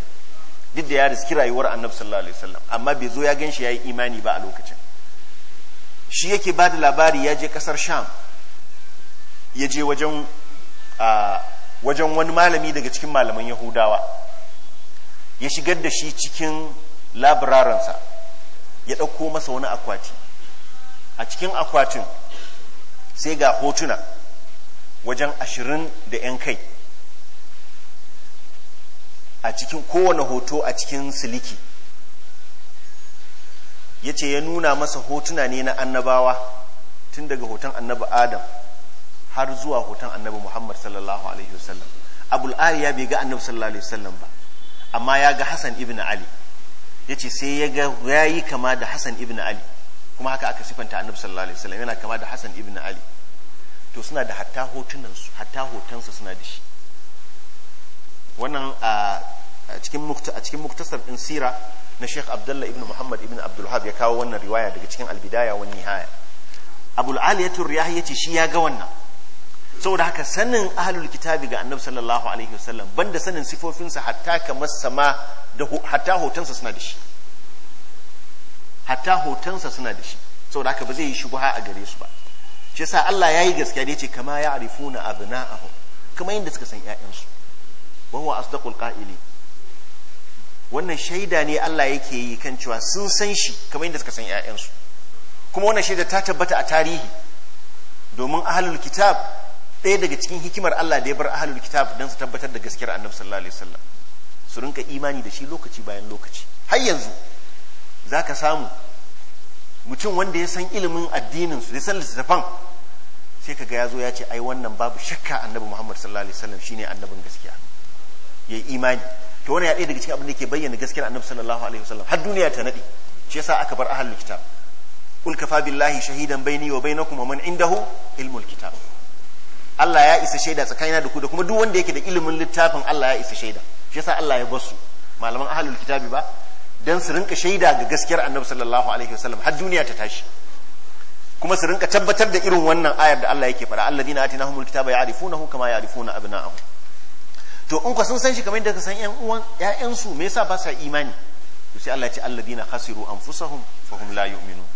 duk da ya riski rayuwar annabi sallallahu alaihi wasallam amma bai zo ya gan shi ya yi imani ba a lokacin shi yake ba da labari ya je kasar sham ya je wajen wajen wani malami daga cikin malaman yahudawa ya shigar da shi cikin labararansa ya ɗauko masa wani akwati a cikin akwatin sai ga hotuna wajen ashirin da 'yan kai a cikin kowane hoto a cikin siliki ya ce ya nuna masa hotuna ne na annabawa tun daga hoton annabi adam har zuwa hoton annabi muhammad sallallahu alaihi wasallam abul ya bai ga annabi sallallahu alaihi wasallam ba amma ya ga hassan ibn ali ya ce sai ya ga ya yi kama da hassan ibn ali kuma haka aka sifanta annabi sallallahu alaihi wasallam yana kama da hassan ibn ali to suna da hatta hotunansu hatta hotonsa suna da shi wannan a cikin muktasar din sira na Sheikh Abdullah ibn Muhammad ibn Abdul ya kawo wannan riwaya daga cikin albidaya wa nihaya Abul Aliyatur ya yace shi ya ga wannan saboda haka sanin ahlul kitabi ga annabi sallallahu alaihi wasallam banda sanin sifofinsa hatta kamar sama da hatta hotonsa suna da shi hatta hotonsa suna da shi saboda haka ba zai yi shubha a gare su ba shi yasa Allah yayi gaskiya da yace kama ya arifuna abna'ahum kama yadda suka san ƴaƴansu wa huwa asdaqul qa'ili wannan shaida ne Allah yake yi kan cewa sun san shi kamar yadda suka san su kuma wannan shaida ta tabbata a tarihi domin ahlul kitab ɗaya daga cikin hikimar Allah da ya bar ahlul kitab don su tabbatar da gaskiyar annabi sallallahu alaihi wasallam su rinka imani da shi lokaci bayan lokaci har yanzu zaka samu mutum wanda ya san ilimin addinin su ya san littattafan sai kaga ya zo ya ce ai wannan babu shakka annabi Muhammad sallallahu alaihi wasallam shine annabin gaskiya ya yi imani to wani yaɗe daga cikin abin da ke bayyana gaskiyar annabi sallallahu alaihi wasallam har duniya ta naɗi shi yasa aka bar ahlul kitab qul kafa billahi shahidan baini wa bainakum wa man indahu ilmul kitab Allah ya isa shaida tsakanina da ku da kuma duk wanda yake da ilimin littafin Allah ya isa shaida shi yasa Allah ya basu malaman ahlul kitabi ba dan su rinka shaida ga gaskiyar annabi sallallahu alaihi wasallam har duniya ta tashi kuma su rinka tabbatar da irin wannan ayar da Allah yake faɗa alladina atinahumul kitaba ya'rifunahu kama ya'rifuna abna'ahum to in ku sun san shi kamar yadda ka san yan uwan su me yasa ba sa imani to sai Allah ya ce alladina khasiru anfusahum hum la yu'minun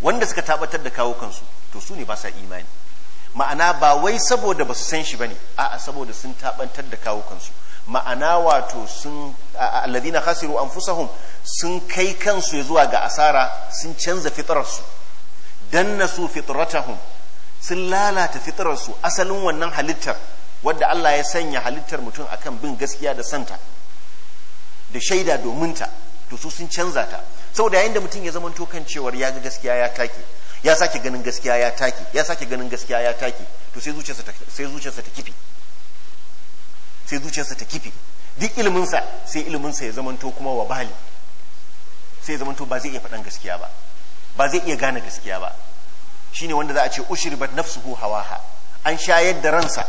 wanda suka tabbatar da kawo kansu to su ne ba sa imani ma'ana ba wai saboda ba su san shi bane a'a saboda sun tabbatar da kawo kansu ma'ana wato sun alladina khasiru anfusahum sun kai kansu zuwa ga asara sun canza fitrarsu dannasu fitratahum sun lalata su asalin wannan halittar wadda Allah ya sanya halittar mutum akan bin gaskiya da santa da shaida domin ta to su sun canza ta saboda yayin da mutum ya zama kan cewar ya ga gaskiya ya take ya sake ganin gaskiya ya take ya sake ganin gaskiya ya take to sai zuciyarsa ta sai zuciyarsa ta kifi sai zuciyarsa ta kifi duk ilimin sa sai ilimin sa ya zamanto kuma wabali sai ya zamanto ba zai iya faɗan gaskiya ba ba zai iya gane gaskiya ba shine wanda za a ce ushribat nafsuhu hawaha an shayar da ransa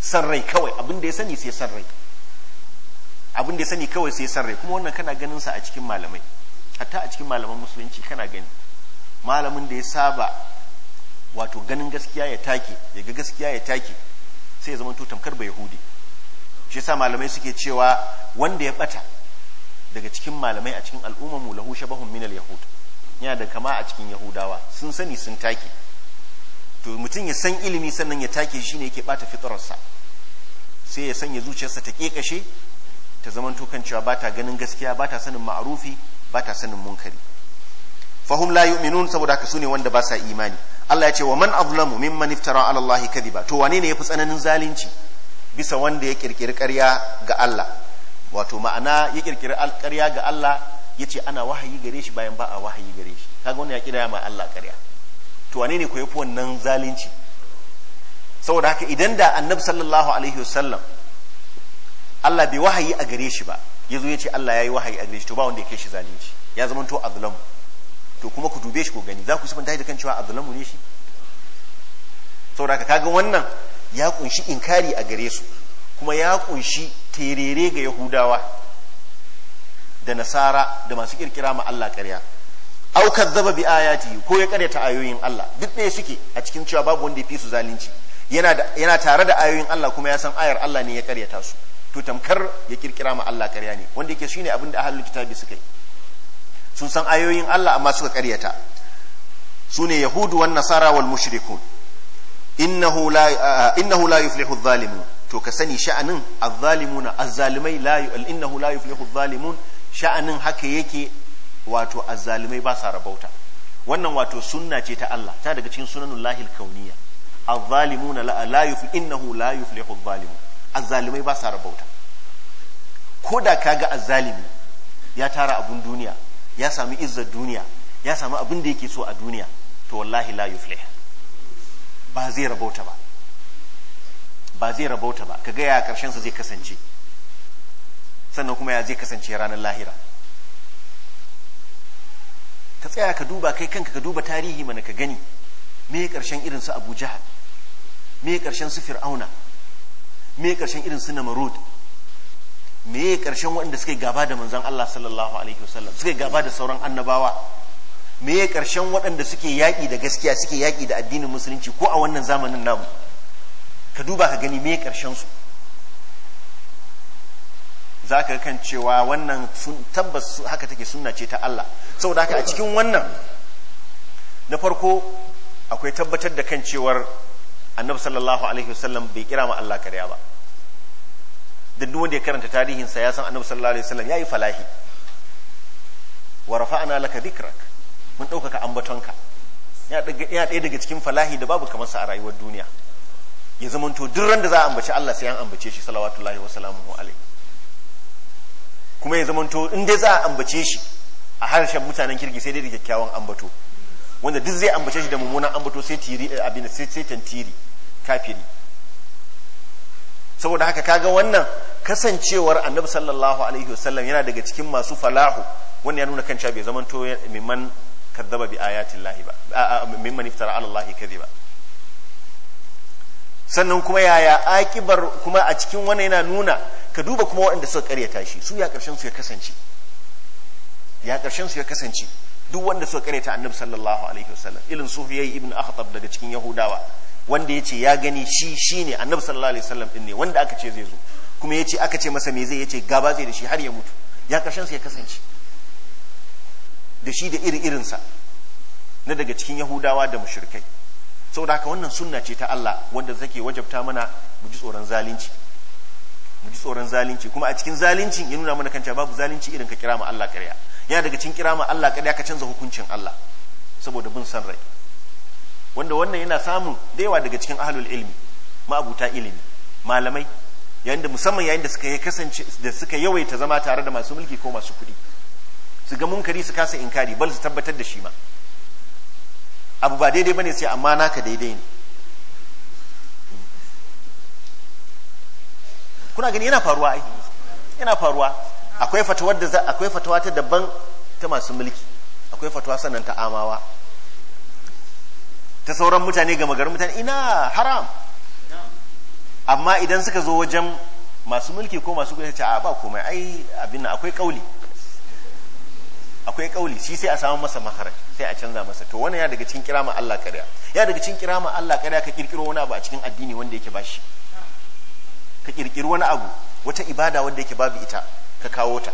san rai kawai abin da ya sani sai san rai abin da ya sani kawai sai san rai kuma wannan kana ganin sa a cikin malamai hatta a cikin malaman musulunci kana gani malamin da ya saba wato ganin gaskiya ya take ya ga gaskiya ya take sai ya zama to tamkar ba yahudi shi yasa malamai suke cewa wanda ya bata daga cikin malamai a cikin al'ummar mu lahu shabahun min al-yahud yana da kama a cikin yahudawa sun sani sun take to mutum ya san ilimi sannan ya take shi ne yake bata fitararsa sai ya sanya zuciyarsa ta kekashe ta zaman tukan cewa bata ganin gaskiya bata sanin ma'arufi bata sanin munkari fahum la yu'minun saboda haka sune wanda ba sa imani Allah ya ce wa man azlamu mimman iftara ala Allah kadhiba to wane ne yafi tsananin zalunci bisa wanda ya kirkiri ƙarya ga Allah wato ma'ana ya kirkiri karya ga Allah yace ana wahayi gare shi bayan ba a wahayi gare shi kaga wannan ya kira ma Allah ƙarya to wane ne fi wannan zalunci saboda haka idan da annabi sallallahu alaihi wasallam Allah bai wahayi a gare shi ba ya zo ya ce Allah ya yi wahayi a gare shi to ba wanda ya kai shi zalunci ya zama to azlamu to kuma ku dube shi ko gani za ku sifanta da kan cewa azlamu ne shi saboda haka kaga wannan ya kunshi inkari a gare su kuma ya kunshi terere ga yahudawa da nasara da masu kirkira ma Allah ƙarya au kazzaba bi ayati ko ya karyata ayoyin Allah duk ɗaya suke a cikin cewa babu wanda ya fi su zalunci yana yana tare da ayoyin Allah kuma ya san ayar Allah ne ya karyata su to tamkar ya kirkira ma Allah karya ne wanda yake shine abin da ahlul kitabi suka yi sun san ayoyin Allah amma suka karyata su ne yahudu wan nasara wal mushrikun innahu la ah, innahu la yuflihu adh-dhalimun to ka sani sha'anin adh-dhalimuna adh-dhalimai la innahu la yuflihu adh-dhalimun sha'anin haka yake wato azzalumai ba sa rabauta wannan wato sunna ce ta Allah ta daga cikin sunanul lahil kauniya azzalimuna la la yuf innahu la yuflihu azzalimu azzalumai ba sa rabauta ko da kaga azzalimi ya tara abun duniya ya sami izzar duniya ya sami abin da yake so a duniya to wallahi la yuflih ba zai rabauta ba ba zai rabauta ba kaga ya karshen sa zai kasance sannan kuma ya zai kasance ranar lahira ka tsaya ka duba kai kanka ka duba tarihi mana ka gani me karshen irin su Abu Jahal me karshen su Fir'auna me karshen irin su Namrud me karshen waɗanda suka gaba da manzon Allah sallallahu alaihi wasallam suka gaba da sauran annabawa me karshen waɗanda suke yaƙi da gaskiya suke yaƙi da addinin musulunci ko a wannan zamanin namu ka duba ka gani me karshen su za ka kan cewa wannan tabbas haka take suna ce ta Allah saboda haka a cikin wannan na farko akwai tabbatar da kan cewar annabi sallallahu alaihi wasallam bai kira ma Allah karya ba duk wanda ya karanta tarihinsa ya san annabi sallallahu alaihi wasallam yayi falahi wa rafa'ana laka dhikrak mun ambatonka ya ɗaya daga cikin falahi da babu kamar sa a rayuwar duniya ya zamanto duk randa da za a ambace Allah sai an ambace shi salawatullahi wa salamuhu alaihi kuma ya zamanto in dai za a ambace shi a harshen mutanen kirki sai dai da kyakkyawan ambato wanda duk zai ambace shi da mummunan ambato sai tiri eh, abin sai sai tantiri kafiri saboda haka kaga wannan kasancewar annabi sallallahu alaihi wasallam yana daga cikin masu falahu wanda ya nuna kan cewa bai zamanto mimman kaddaba bi ayatin lahi ba mimman iftara ala allahi kadhiba sannan kuma yaya akibar kuma a cikin wannan yana nuna ka duba kuma waɗanda suka karyata shi su ya ƙarshen su ya kasance ya ƙarshen su ya kasance duk wanda suka karyata annabi sallallahu alaihi wasallam ilin sufiyai ibn akhtab daga cikin yahudawa wanda yace ya gani shi shine annabi sallallahu alaihi wasallam din ne wanda aka ce zai zo kuma yace aka ce masa me zai yace gaba zai da shi har ya mutu ya ƙarshen su ya kasance da shi da iri irinsa na daga cikin yahudawa da mushrikai Sau da haka wannan sunna ce ta Allah wanda zake wajabta mana mu ji tsoron zalunci mu ji tsoron zalunci kuma a cikin zalunci ya nuna mana kanta babu zalunci irin ka kira ma Allah ƙarya ya daga cikin kira ma Allah ƙarya ka canza hukuncin Allah saboda bin san rai wanda wannan yana samun da daga cikin ahlul ilmi ma'abuta ilimi malamai yayin da musamman yayin da suka kasance da suka yawaita zama tare da masu mulki ko masu kuɗi su ga munkari su kasa inkari bal su tabbatar da shi ma abu ba daidai bane sai amma naka daidai ne kuna gani yana faruwa aiki yana faruwa akwai fatawar da akwai fatawa ta daban ta masu mulki akwai fatawa sannan ta amawa ta sauran mutane ga magarin mutane ina haram amma idan suka zo wajen masu mulki ko masu gudu a ba komai ai abin akwai kauli akwai kauli shi sai a samu masa maharaj sai a canza masa to wannan ya daga cikin ma Allah ƙarya ya daga cikin ma Allah ƙarya ka kirkiro wani abu a cikin addini wanda yake bashi ka kirkiro wani abu wata ibada wanda yake babu ita ka kawo ta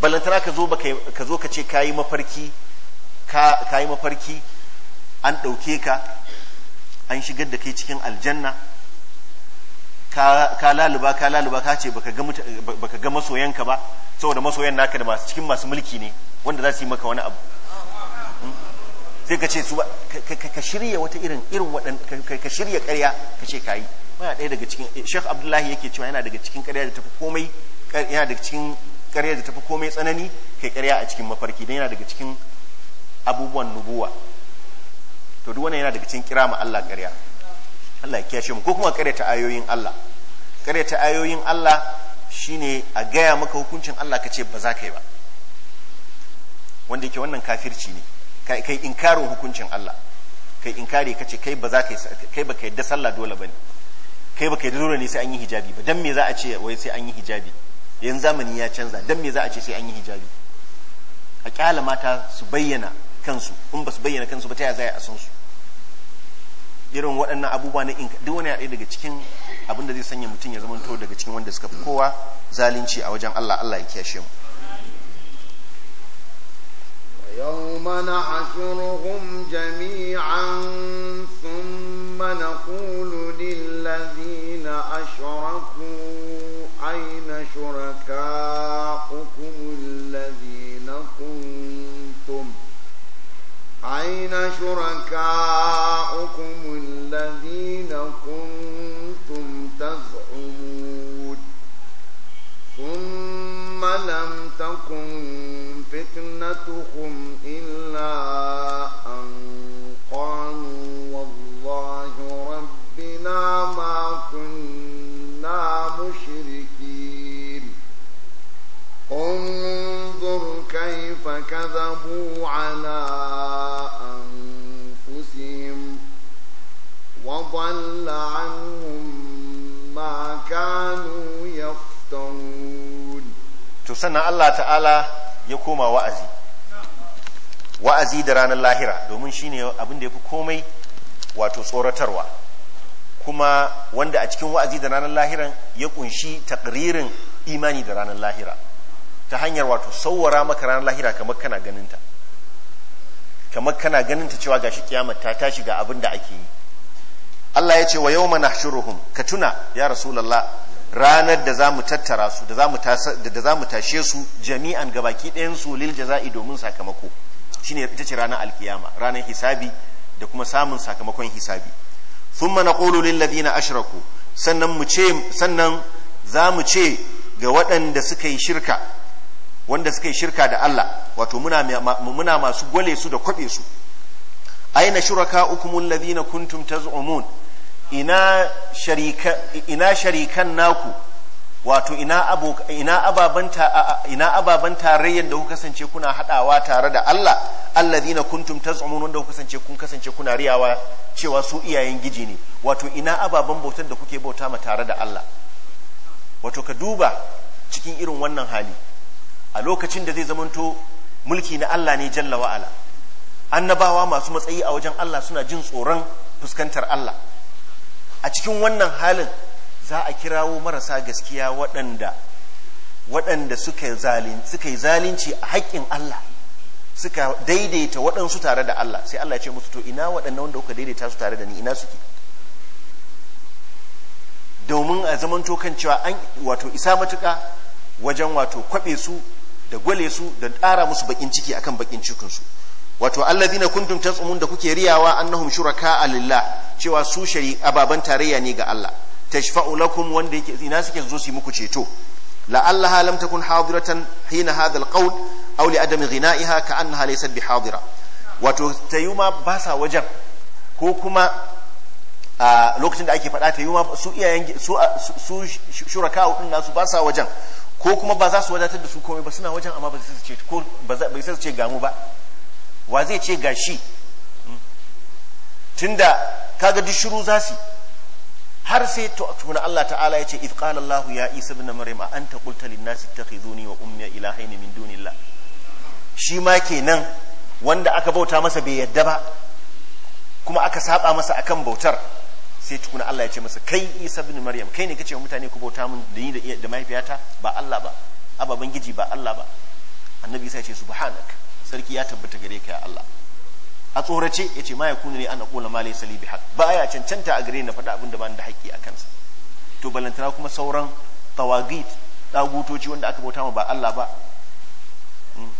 balantana ka zo ka zo ka ce kayi mafarki ka yi mafarki an ɗauke ka an shigar da kai cikin aljanna ka laluba ka laluba ka ce baka ga masoyanka ba saboda masoyan naka da masu cikin masu mulki ne wanda za su yi maka wani abu hmm? sai ka ce su ka shirya wata irin irin waɗan ka shirya ƙarya ka ce ka yi yana ɗaya daga cikin eh, shekh Abdullahi yake cewa yana daga cikin ƙarya da tafi komai yana daga cikin ƙarya da tafi komai tsanani kai ƙarya a cikin mafarki don yana daga cikin abubuwan nubuwa to duk wannan yana daga cikin kira ma Allah ƙarya Allah ya kiyashe mu ko kuma ƙarya ta ayoyin Allah ƙarya ta ayoyin Allah shine a gaya maka hukuncin Allah ka ce ba za ka yi ba wanda yake wannan kafirci ne kai inkarin hukuncin Allah kai inkari kace kai ba za ka kai ba ka yadda sallah dole bane kai ba ka yadda dole ne sai an yi hijabi ba dan me za a ce wai sai an yi hijabi yanzu zamani ya canza dan me za a ce sai an yi hijabi a kyala mata su bayyana kansu in ba su bayyana kansu ba ta yaya za a san su irin waɗannan abubuwa na in duk wani ɗaya daga cikin abin da zai sanya mutum ya zama to daga cikin wanda suka fi kowa zalunci a wajen Allah Allah ya kiyashe mu يوم نحشرهم جميعا ثم نقول للذين أشركوا أين شركاؤكم الذين كنتم أين شركاؤكم الذين كنتم تزعمون ثم لم تكن فكذبوا على أنفسهم وضل عنهم ما كانوا يفترون تسنى الله تعالى يقوم وأزي wa'azi da ranar lahira domin shine abin da ya fi komai wato tsoratarwa kuma wanda a cikin wa'azi da ranar lahiran ya kunshi takririn imani da ranar lahira ta hanyar wato sauwara maka ranar lahira kamar kana ganinta kamar kana ganinta cewa gashi kiyamar ta tashi ga abin da ake yi Allah ya ce wa yawma nahshuruhum ka tuna ya rasulullah ranar da zamu tattara su da zamu da tashe su jami'an gabaki ɗayan su lil jaza'i domin sakamako shine ita ce ranar alkiyama ranar hisabi da kuma samun sakamakon hisabi thumma naqulu lil ladina ashraku sannan mu ce sannan zamu ce ga waɗanda suka yi shirka wanda suka yi shirka da Allah wato muna muna masu gwale su da kwabe su aina shuraka ukumul ladina kuntum taz'umun ina sharika ina sharikan naku wato ina abu ina ababan ina da ku kasance kuna hadawa tare da Allah alladina kuntum taz'umun wanda ku kasance kun kasance kuna riyawa cewa su iyayen giji ne wato ina ababan bautan da kuke bauta ma tare da Allah wato ka duba cikin irin wannan hali a lokacin da zai zamanto mulki na Allah ne jalla wa'ala annabawa masu matsayi a wajen Allah suna jin tsoron fuskantar Allah a cikin wannan halin za a kirawo marasa gaskiya waɗanda waɗanda suka yi zalunci a haƙƙin Allah suka daidaita waɗansu tare da Allah sai Allah ya ce musu to ina waɗannan wanda kuka daidaita su tare da ni ina suke domin a zamanto kan cewa an wato isa matuƙa wajen wato kwaɓe su da gwale su da ƙara musu bakin ciki akan bakin cikin su wato allazina ta tsumun da kuke riyawa annahum shuraka lillah cewa su shari ababan tarayya ne ga Allah tashfa'u lakum wanda yake ina suke zo su muku ceto la'allaha lam kun hadiratan hina hadha alqawl aw li adami ghina'iha ka'annaha laysat bihadira wato tayuma ba sa wajen ko kuma a lokacin da ake faɗa tayuma su iyayen su shuraka din nasu ba sa wajen ko kuma ba za su wadatar da su komai ba suna wajen amma ba su ce ko ba su ce gamu ba wa zai ce gashi hmm. tunda kaga duk shiru za su har sai to tuna Allah ta'ala ya ce if qala Allah ya Isa ibn Maryam anta ta lin nasi ittakhizuni wa ummi ilahayn min dunillah shi ma kenan wanda aka bauta masa bai yadda ba kuma aka saba masa akan bautar sai tukuna Allah ya ce masa kai Isa bin Maryam kai ne kace mutane ku bauta mun da ni da mahaifiyata ba Allah ba ababan giji ba Allah ba annabi Isa ya ce subhanak sarki ya tabbata gare ka ya Allah a tsorace ya ce ma ya kuni ne ana kola ma laysa li bihaq ba ya cancanta a gare na faɗa abin da ba da haƙƙi a kansa to balantana kuma sauran tawagit dagutoci wanda aka bauta ma ba Allah ba hmm,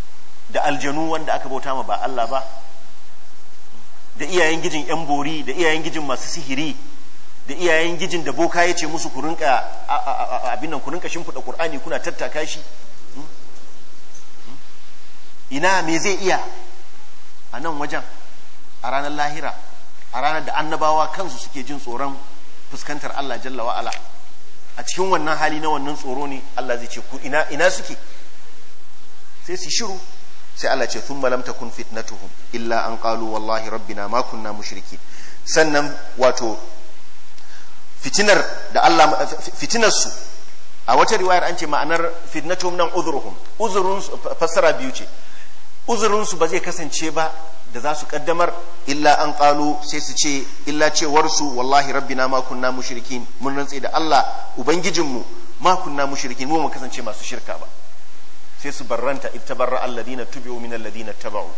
da aljanu wanda aka bauta ma ba Allah ba hmm, da iyayen gijin yan bori da iyayen gijin masu sihiri da iyayen gijin da boka ya ce musu ku rinka abin nan ku rinka shimfiɗa kuna tattaka shi hmm? Hmm? ina me zai iya a nan wajen a ranar lahira a ranar da annabawa kansu suke jin tsoron fuskantar Allah jalla wa'ala a cikin wannan hali na wannan tsoro ne Allah zai ce ku ina suke sai su shiru sai Allah ce thumma lam takun fitnatuhum illa an qalu wallahi rabbina ma kunna mushrikin sannan wato fitinar da Allah fitinar su a wata riwayar an ce ma'anar fitnatum nan uzruhum fassara biyu ce uzrun su ba zai kasance ba da za su kaddamar illa an qalu sai su ce illa cewar su wallahi rabbina ma kunna mushrikin mun rantse da Allah ubangijinmu ma kunna mushrikin mu mu kasance masu shirka ba sai su barranta ittabarra alladina tubi'u min alladina taba'u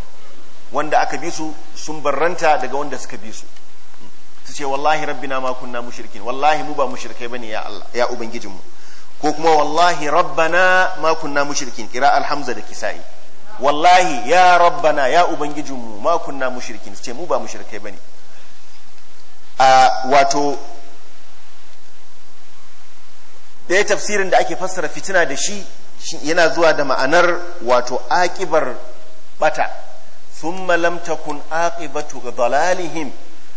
wanda aka bi su sun barranta daga wanda suka bi su su ce wallahi rabbina ma kunna mushrikin wallahi mu ba mushrikai bane ya Allah ya ubangijinmu ko kuma wallahi rabbana ma kunna mushrikin kira alhamza da kisa'i wallahi ya rabbana ya ubangijinmu ma kunna mushrikin su ce mu ba mushrikai bane a wato ɗaya tafsirin da ake fassara fitina da shi yana zuwa da ma'anar wato aƙibar bata thumma lam takun aqibatu dhalalihim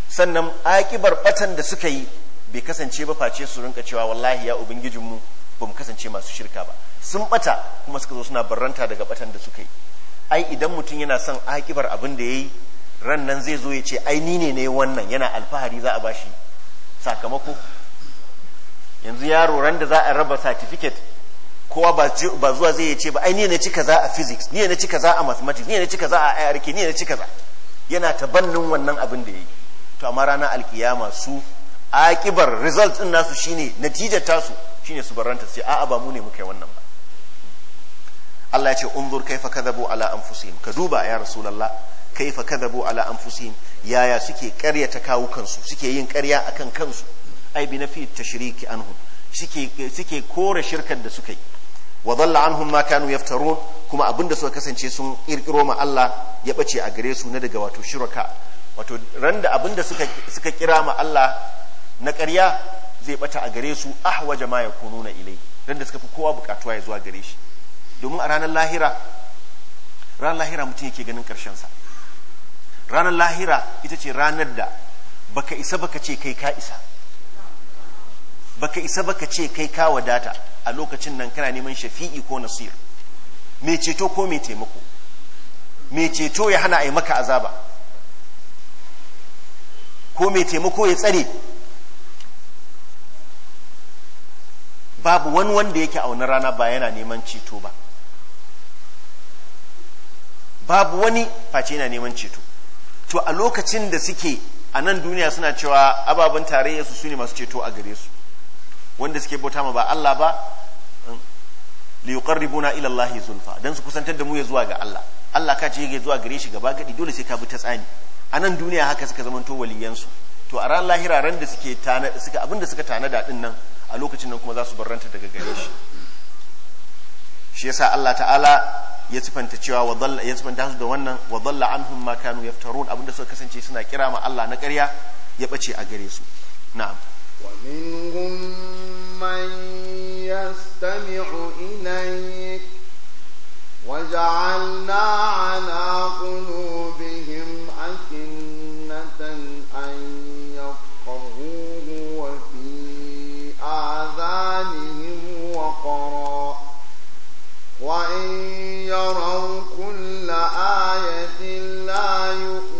sannan akibar batan da suka yi bai kasance ba face su rinka cewa wallahi ya ubangijinmu ba mu kasance masu shirka ba sun bata kuma suka zo suna barranta daga batan da suka yi ai idan mutum yana son akibar abin da ya yi ran nan zai zo ya ce ai ni ne ne wannan yana alfahari za a bashi sakamako yanzu yaro ran da za a raba certificate kowa ba zuwa zai ce ba ai ni ne ci kaza a physics ni ne ci kaza a mathematics ni ne ci kaza a IRK ni ne ci kaza yana tabannin wannan abin da ya yi to amma ranar alkiyama su akibar result din nasu shine natijar tasu shine su barranta sai a'a ba mu ne muka yi wannan ba Allah ya ce unzur kaifa kadhabu ala anfusihim ka duba ya rasulullah kaifa kadhabu ala anfusihim yaya suke kawukan su suke yin karya akan kansu ai bi nafi tashriki anhum suke suke kore shirkan da suka yi wa dhalla anhum ma kanu yaftarun kuma abinda suka kasance sun kirkiro ma Allah ya bace a gare su na daga wato shirka wato ran da abin da suka kira ma Allah na ƙarya zai bata a gare su ahwaja ma na ilai ran da suka fi kowa bukatuwa ya zuwa gare shi domin a ranar lahira ranar lahira mutum yake ganin karshen sa ranar lahira ita ce ranar da baka isa baka ce kai ka isa baka isa baka ce kai ka wadata a lokacin nan kana neman shafi'i ko nasir mai ceto ko mai taimako mai ceto ya hana a yi maka azaba ko mai taimako ya tsare babu wani wanda yake auna rana ba yana neman ceto ba babu wani face yana neman ceto to a lokacin da suke a nan duniya suna cewa ababen tarayya su ne masu ceto a gare su wanda suke bauta ma ba Allah ba li yuqarribuna ila Allah zulfa dan su kusantar da mu ya zuwa ga Allah Allah ka ce ya zuwa gare shi gaba gadi dole sai ka bi ta tsani a nan duniya haka suka to waliyansu to a ran lahira ran da suke tana suka abinda suka tanada din nan a lokacin nan kuma za su barranta daga gare shi shi yasa Allah ta'ala ya sifanta cewa wa dhalla ya sifanta su da wannan wa dhalla anhum ma kanu yaftarun abinda suka kasance suna kira ma Allah na ƙarya ya bace a gare su na'am wa minhum man yastami'u ilayk وجعلنا 'ala qulubihim آذانهم وقرا وإن يروا كل آية لا يؤمنون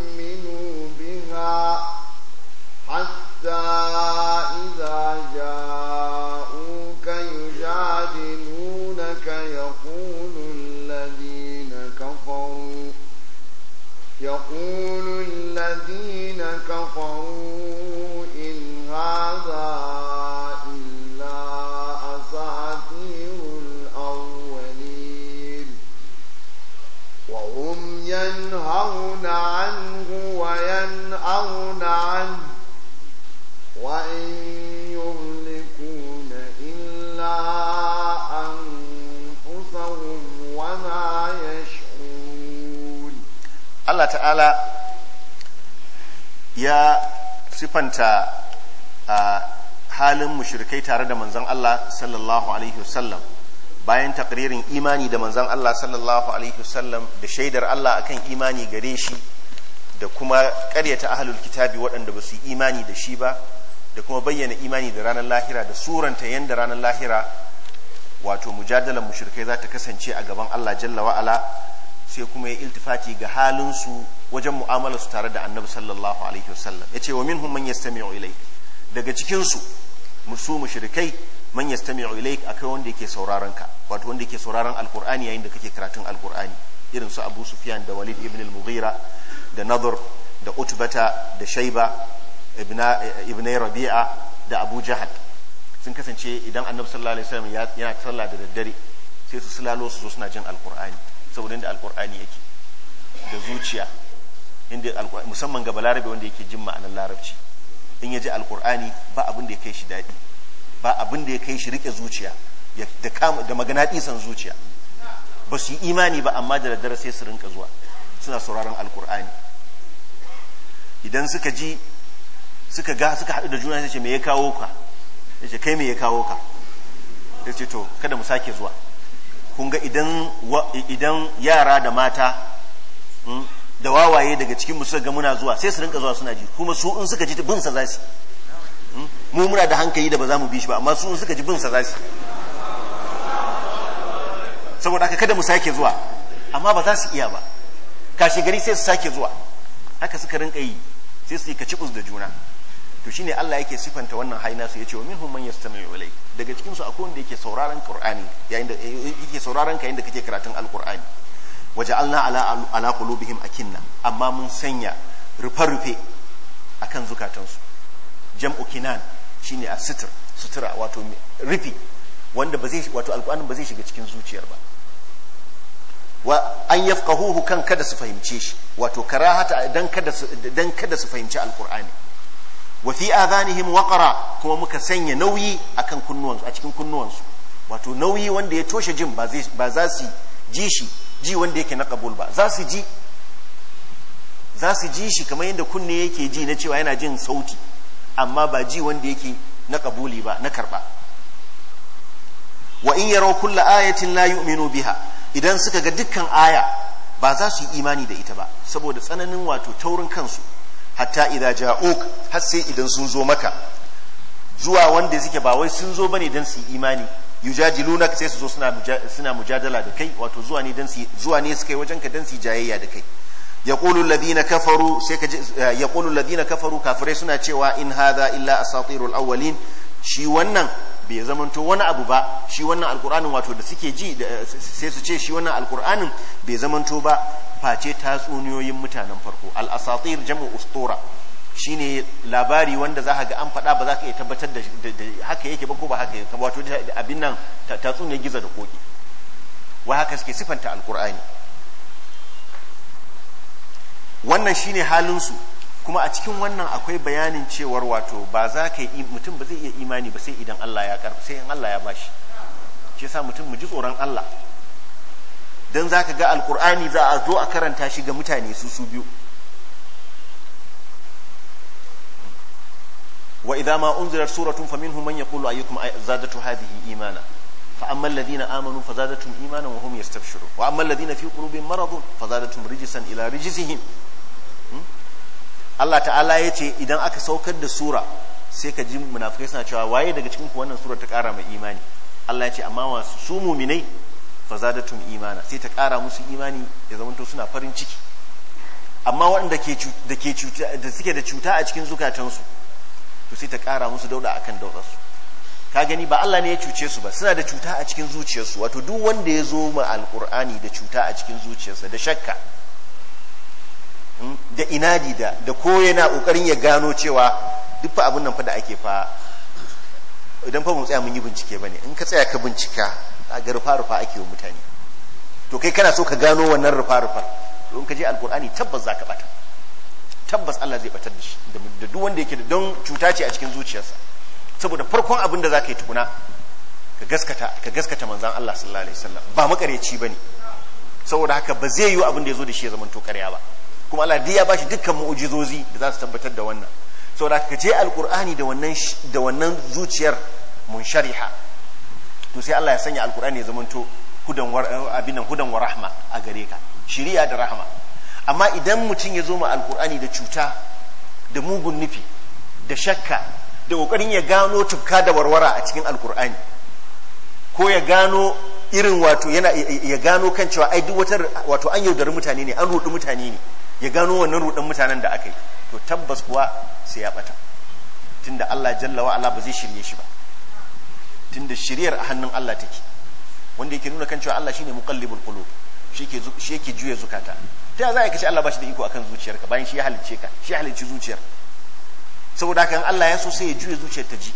mushrikai tare da manzon Allah sallallahu alaihi wasallam bayan takririn imani da manzon Allah sallallahu alaihi wasallam da shaidar Allah akan imani gare shi da kuma ƙaryata ahlul kitabi waɗanda ba su imani da shi ba da kuma bayyana imani da ranar lahira da suranta yanda ranar lahira wato mujadalar mushrikai za ta kasance a gaban Allah jalla wa'ala sai kuma ya iltifati ga halinsu wajen mu'amalarsu tare da annabi sallallahu alaihi wasallam ya ce wa minhum man yastami'u ilai daga cikinsu musu mushrikai man yastami'u ilaik akai wanda yake sauraron ka wato wanda yake sauraron alqur'ani yayin da kake karatun alqur'ani irin su Abu Sufyan da Walid ibn al-Mughira da Nadhr da Utbata da Shayba ibn Rabi'a da Abu Jahal sun kasance idan Annabi sallallahu alaihi wasallam yana sallah da daddare sai su sulalo su zo suna jin alqur'ani saboda inda alqur'ani yake da zuciya inda musamman ga balarabe wanda yake jin ma'anar larabci in ya ji alkur'ani ba abin da ya kai shi daɗi ba abin da ya kai shi rike zuciya da magana zuciya ba su yi imani ba amma da daddare sai su rinka zuwa suna sauraron alkur'ani idan suka ji suka ga suka haɗu da juna sai ce me ya kawo ka ya ce kai me ya kawo ka ya ce to kada mu sake zuwa kun ga idan yara da mata hmm, da wawaye daga cikin suka ga muna zuwa sai su rinka zuwa suna ji kuma su in suka ji bin sa zasu hmm? mu muna da hankali da ba za mu bi shi ba amma su in suka ji bin sa zasu saboda haka kada mu sake zuwa amma ba za su iya ba kashi gari sai su sake zuwa haka suka rinka yi sai su yi kacibus da juna to shine Allah yake sifanta wannan haina su yace wa minhum man yastami'u ilay daga cikin su akwai wanda yake sauraron qur'ani yayin da eh, yake sauraron ka yayin da kake karatun alqur'ani waje alna ala ala qulubihim akinna amma mun sanya rufe-rufe akan zukatansu jam'u kinan shine a sutura wato rufi wanda ba zai wato alƙur'anin ba zai shiga cikin zuciyar ba wa an yafqahuhu kan kada su fahimce shi wato karahata dan kada su dan kada su fahimci alƙur'ani wa fi adhanihim waqra kuma muka sanya nauyi akan kunnuwansu a cikin kunnuwansu wato nauyi wanda ya toshe jin ba zai ba za su ji shi ji wanda yake na kabul ba za su ji za su ji shi kamar yadda kunne yake ji na cewa yana jin sauti amma ba ji wanda yake na kabuli ba na karba wa in yaro kulla ayatin la yu'minu biha idan suka ga dukkan aya ba za su yi imani da ita ba saboda tsananin wato taurin kansu hatta idan ja'uk har sai idan sun zo maka zuwa wanda suke ba wai sun zo bane dan su yi imani yujadiluna sai su zo suna suna mujadala da kai wato zuwa ne dan zuwa ne suka yi wajen ka dan su jayayya da kai yaqulu alladhina kafaru sai ka eh, yaqulu alladhina kafaru kafirai suna cewa in hadha illa asatirul awwalin shi wannan bai zamanto wani abu ba shi wannan alkur'anin wato da suke ji sai su ce shi wannan alkur'anin bai zamanto ba face tatsuniyoyin mutanen farko al asatir jam'u ustura Shi ne labari wanda za ga an faɗa ba za ka iya tabbatar da haka yake ba ko ba haka yake wato abin nan tatsuniyar giza da koki wai haka suke sifanta alkur'ani wannan shi ne halinsu kuma a cikin wannan akwai bayanin cewar wato ba za ka yi mutum ba zai iya imani ba sai idan Allah ya karfi sai in Allah ya bashi shi yasa mutum mu ji tsoron Allah dan ka ga alkur'ani za a zo a karanta shi ga mutane su su biyu wa idza ma unzilat suratun faminhum man yaqulu ayyukum zadatu hadhihi imana fa amma alladhina amanu fazadatuhum imanan wa hum yastabshirun wa amma alladhina fi qulubihim maradun fazadatuhum rijsan ila rijsihim hmm? Allah ta'ala ya ce idan aka saukar da sura sai ka ji munafikai suna cewa waye daga cikin ku wannan sura ta ƙara mai imani Allah ya ce amma wa su muminai fa zadatum imana sai ta ƙara musu imani ya zamanto suna farin ciki amma waɗanda da suke da cuta a cikin zukatansu to sai ta kara musu dauda akan su. ka gani ba Allah ne ya cuce su ba suna da cuta a cikin zuciyarsu wato duk wanda ya zo ma alkur'ani da cuta a cikin zuciyarsa da shakka hmm, da inadi da da ko yana kokarin ya gano cewa duk fa abun nan fa da ake fa idan fa mu tsaya mun yi bincike bane in ka tsaya ka bincika a ga rufa rufa ake wa mutane to kai kana so ka gano wannan rufa rufa don ka je alkur'ani tabbas za ka bata tabbas Allah zai batar da shi da duk wanda yake da don cuta ce a cikin zuciyarsa saboda farkon abin da zaka yi tukuna ka gaskata ka gaskata manzon Allah sallallahu alaihi wasallam ba makareci bane saboda haka ba zai yi abin da yazo da shi ya zama to ƙarya ba kuma Allah dai ya bashi dukkan mu'ujizozi da za su tabbatar da wannan saboda haka je alqur'ani da wannan da wannan zuciyar munshariha to sai Allah ya sanya alqur'ani ya zama to hudan eh, nan hudan wa rahma a gare ka shari'a da rahma amma idan mutum ya zo ma alkur'ani da cuta da mugun nufi da shakka da ƙoƙarin ya gano tufka da warwara a cikin alkur'ani ko ya gano irin wato yana ya gano kan cewa ai duk wata wato an yaudari mutane ne an rudi mutane ne ya gano wannan rudin mutanen da aka yi to tabbas kuwa sai ya bata tunda Allah jalla wa ala ba zai shirye shi ba tunda shiriyar a hannun Allah take wanda yake nuna kan cewa Allah shine muqallibul qulub shi yake shi yake juya zukata ta za ka ce Allah ba shi da iko akan zuciyarka bayan shi ya halicce ka shi ya halicci zuciyar saboda haka Allah ya so sai ya juya zuciyar ta ji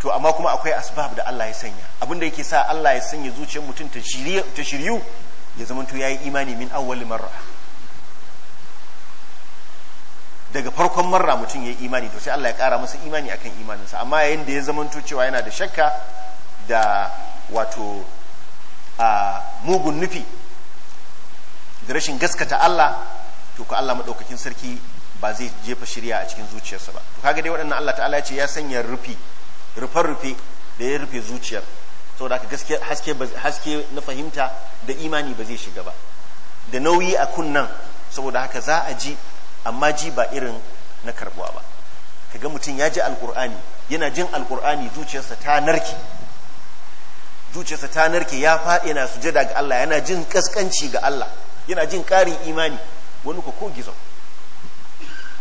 to amma kuma akwai asbab da Allah ya sanya abinda yake sa Allah ya sanya zuciyar mutum ta shiryu ya zama to yayi imani min awwal marra daga farkon marra mutum yayi imani to sai Allah ya kara masa imani akan imaninsa amma yayin da ya zama to cewa yana da shakka da wato a mugun nufi da rashin gaskata Allah to ka Allah madaukakin sarki ba zai jefa shirya a cikin zuciyarsa ba to kaga dai waɗannan Allah ta'ala ya ce ya sanya rufi rufar rufe da ya rufe zuciyar saboda ka gaskiya haske haske na fahimta da imani ba zai shiga ba da nauyi a kunnan saboda haka za a ji amma ji ba irin na karbuwa ba kaga mutum ya ji alkur'ani yana jin alkur'ani zuciyarsa ta narke zuciyarsa ta narke ya faɗi yana sujada ga Allah yana jin kaskanci ga Allah yana jin ƙarin imani wani ko ko gizo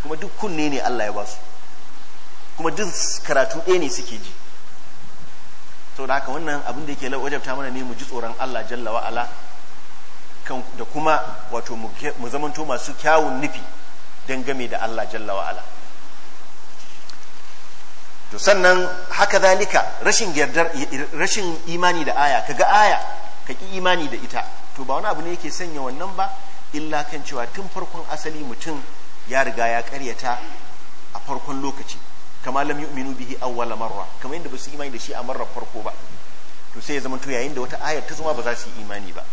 kuma duk kunne ne Allah ya ba su kuma duk karatu ɗaya ne suke ji to da haka wannan abin da yake wajabta mana ne mu ji tsoron Allah jalla wa da kuma wato mu zamanto masu kyawun nufi game da Allah jalla wa to sannan haka zalika rashin imani da aya ka ga aya kaki imani da ita to ba wani abu ne yake sanya wannan ba illa kan cewa tun farkon asali mutum ya riga ya karyata a farkon lokaci kama lam yu'minu bihi awwala marra kamar inda ba su imani da shi a marar farko ba to sai ya zama to yayin da wata ayar ta zama ba za su yi imani ba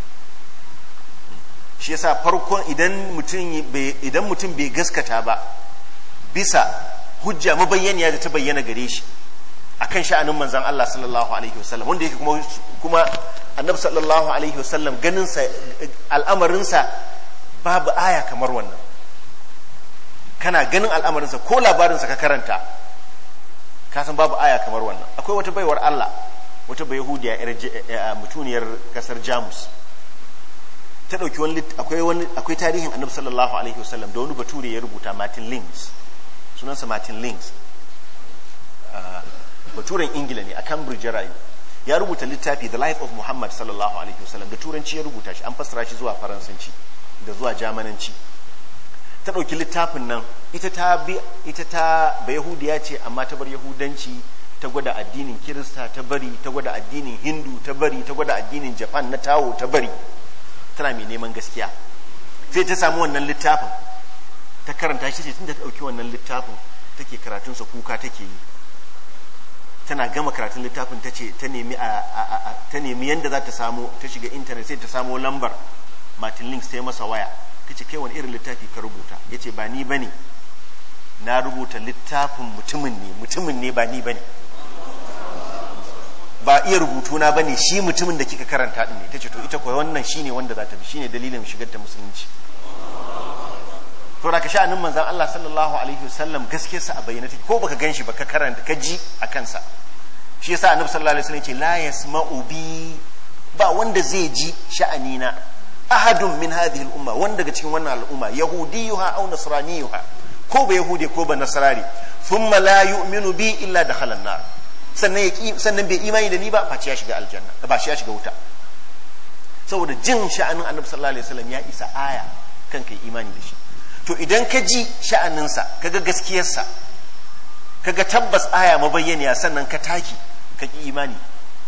shi yasa farkon idan mutum bai idan mutum bai gaskata ba bisa hujja mabayyaniya da ta bayyana gare shi akan sha'anin manzon Allah sallallahu alaihi wasallam wanda yake kuma kuma annab sallallahu alaihi wasallam ganinsa al'amarinsa babu aya kamar wannan kana ganin al'amarinsa ko labarinsa ka karanta ka san babu aya kamar wannan akwai wata baiwar Allah wata bai yahudiya eh, eh, mutuniyar kasar jamus ta ɗauki wani akwai wani akwai tarihin annab sallallahu alaihi wasallam da wani bature ya rubuta martin links sunansa martin links ah, baturen ingila ne a cambridge rayu ya rubuta littafi the life of muhammad sallallahu alaihi wasallam da turanci ya rubuta shi an fassara shi zuwa faransanci da zuwa jamananci ta ɗauki littafin nan ita ta bi ita ta ba yahudiya ce amma ta bar yahudanci ta gwada addinin kirista ta bari ta gwada addinin hindu ta bari ta gwada addinin japan na tawo ta bari tana mai neman gaskiya sai ta samu wannan littafin ta karanta shi ce tun da ta ɗauki wannan littafin take karatunsa kuka take yi tana gama karatun littafin ta ce ta nemi ta nemi yanda za ta samu ta shiga intanet sai ta samu lambar martin links ta yi masa waya ta ce kai wani irin littafi ka rubuta ya ce ba ni ba ne na rubuta littafin mutumin ne mutumin ne ba ni ba ne ba iya rubutu na ba ne shi mutumin da kika karanta ɗin ne ta ce to ita kuwa wannan shine wanda za ta bi shine dalilin shigar ta musulunci to da ka sha'anin manzan Allah sallallahu alaihi wasallam gaskiyar sa a bayyana take ko baka ganshi ba ka karanta ka ji a kansa shi yasa annabi sallallahu alaihi wasallam ce la yasma'u bi ba wanda zai ji sha'ani na ahadun min hadhihi al-umma wanda daga cikin wannan al'umma yahudiyuha aw nasraniyuha ko ba yahudi ko ba nasrani thumma la yu'minu bi illa dakhala an-nar sannan ya sannan bai imani da ni ba face ya shiga aljanna ba shi ya shiga wuta saboda jin sha'anin annabi sallallahu alaihi wasallam ya isa aya kan kai imani da shi to idan ka ji sha'aninsa ga gaskiyarsa kaga tabbas aya mabayyaniya sannan ka taki ka ki imani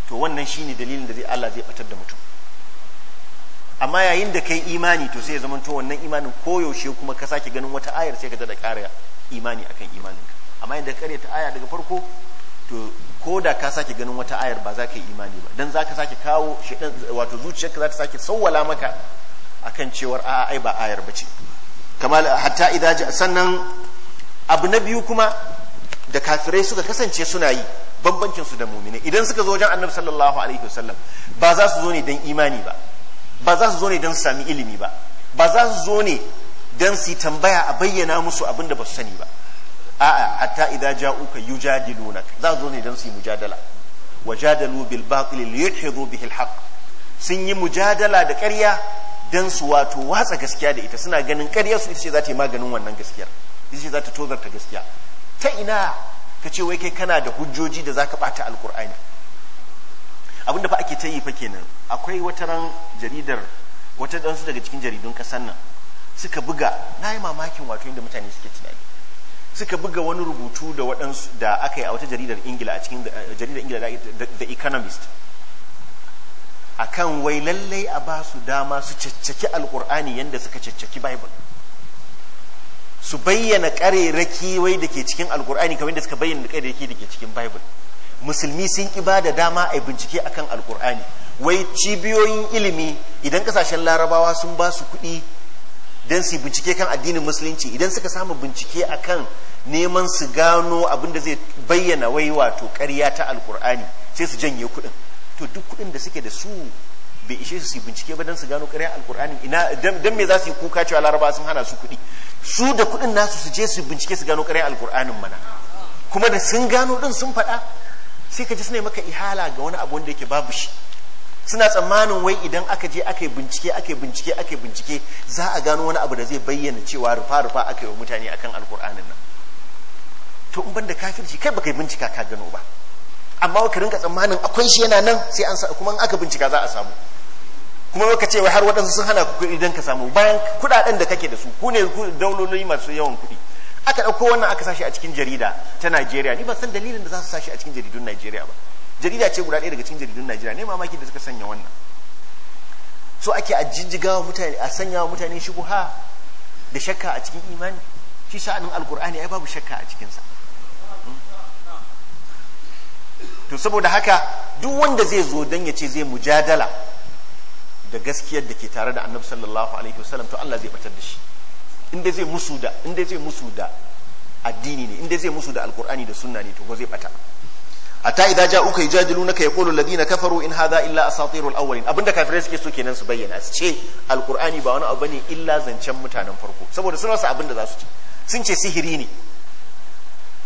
to wannan shine dalilin da zai Allah zai batar da mutum amma yayin da ka yi imani to sai ya zama to wannan imanin koyaushe kuma ka sake ganin wata ayar sai ka da ƙara imani akan imaninka amma yadda ka ta aya daga farko to ko da ka sake ganin wata ayar ba za ka yi imani ba dan za ka sake kawo wato zuciyarka za ta sake sawwala maka akan cewar a'a ai ba ayar ba ce kamar hatta idza sannan abu na biyu kuma da kafirai suka kasance suna yi bambancin su da mu'mini idan suka zo wajen annabi sallallahu alaihi wasallam ba za su zo ne dan imani ba ba za su zo ne dan sami ilimi ba ba za su zo ne dan su tambaya a bayyana musu abin da ba su sani ba a'a hatta idza ja'uka yujadilunak za su zo ne dan su yi mujadala wajadalu bil batil liyudhidu bihi al haqq sun yi mujadala da ƙarya don su wato watsa gaskiya da ita suna ganin ƙarya su ita ce za ta yi maganin wannan gaskiyar ita ce za ta tozarta gaskiya ta ina ka ce wai kai kana da hujjoji da za ka ɓata alkur'ani abinda fa ake ta yi fa kenan akwai wata ran jaridar wata ɗansu daga cikin jaridun ƙasar nan suka buga na yi mamakin wato inda mutane suke tunani suka buga wani rubutu da waɗansu da aka yi a wata jaridar ingila a cikin eh, jaridar ingila da economist akan wai lallai a ba su dama su caccaki alkur'ani yadda suka caccaki bible su bayyana ƙarerraki wai da ke cikin alkur'ani kamar yadda suka bayyana ƙarerraki da ke cikin bible musulmi sun ki ba da dama a bincike akan alkur'ani wai cibiyoyin ilimi idan kasashen larabawa sun ba su kuɗi don su bincike kan addinin musulunci idan suka samu bincike akan neman su gano abin da zai bayyana wai wato karya ta alkur'ani sai su janye kuɗin to duk kuɗin da suke da su bai ishe su su bincike ba don su gano ƙarya alkur'ani ina dan me za su yi kuka cewa laraba sun hana su kuɗi su da kuɗin nasu su je su bincike su gano ƙarya alkur'anin mana kuma da sun gano din sun faɗa sai ka ji suna maka ihala ga wani abu wanda yake babu shi suna tsammanin wai idan aka je aka yi bincike aka yi bincike aka yi bincike za a gano wani abu da zai bayyana cewa rufa rufa aka yi wa mutane akan alkur'anin nan to in banda da kafirci kai baka bincika ka gano ba amma ka rinka tsammanin akwai shi yana nan sai an kuma in aka bincika za a samu kuma ka ce har waɗansu sun hana ku kuɗi don ka samu bayan kuɗaɗen da kake da su ku ne dauloli masu yawan kuɗi aka ɗauko wannan aka sashi a cikin jarida ta Najeriya ni ban san dalilin da za su sashi a cikin jaridun Najeriya ba jarida ce guda ɗaya daga cikin jaridun Najeriya ne mamaki da suka sanya wannan so ake a jijjigawa mutane a sanya wa mutane shubuha da shakka a cikin imani shi sa'anin alkur'ani ai babu shakka a cikinsa to saboda haka duk wanda zai zo dan ya ce zai mujadala da gaskiyar da ke tare da annabi sallallahu alaihi wasallam to Allah zai batar da shi inda zai musu da inda zai musu da addini ne inda zai musu da alqur'ani da sunna ne to ko zai bata hatta idza ja'uka yajadilunaka yaqulu alladhina kafaru in hadha illa asatirul awwalin abinda kafirai suke so kenan su bayyana su ce alqur'ani ba wani abu ne illa zancen mutanen farko saboda sun rasa abinda za su ce sun ce sihiri ne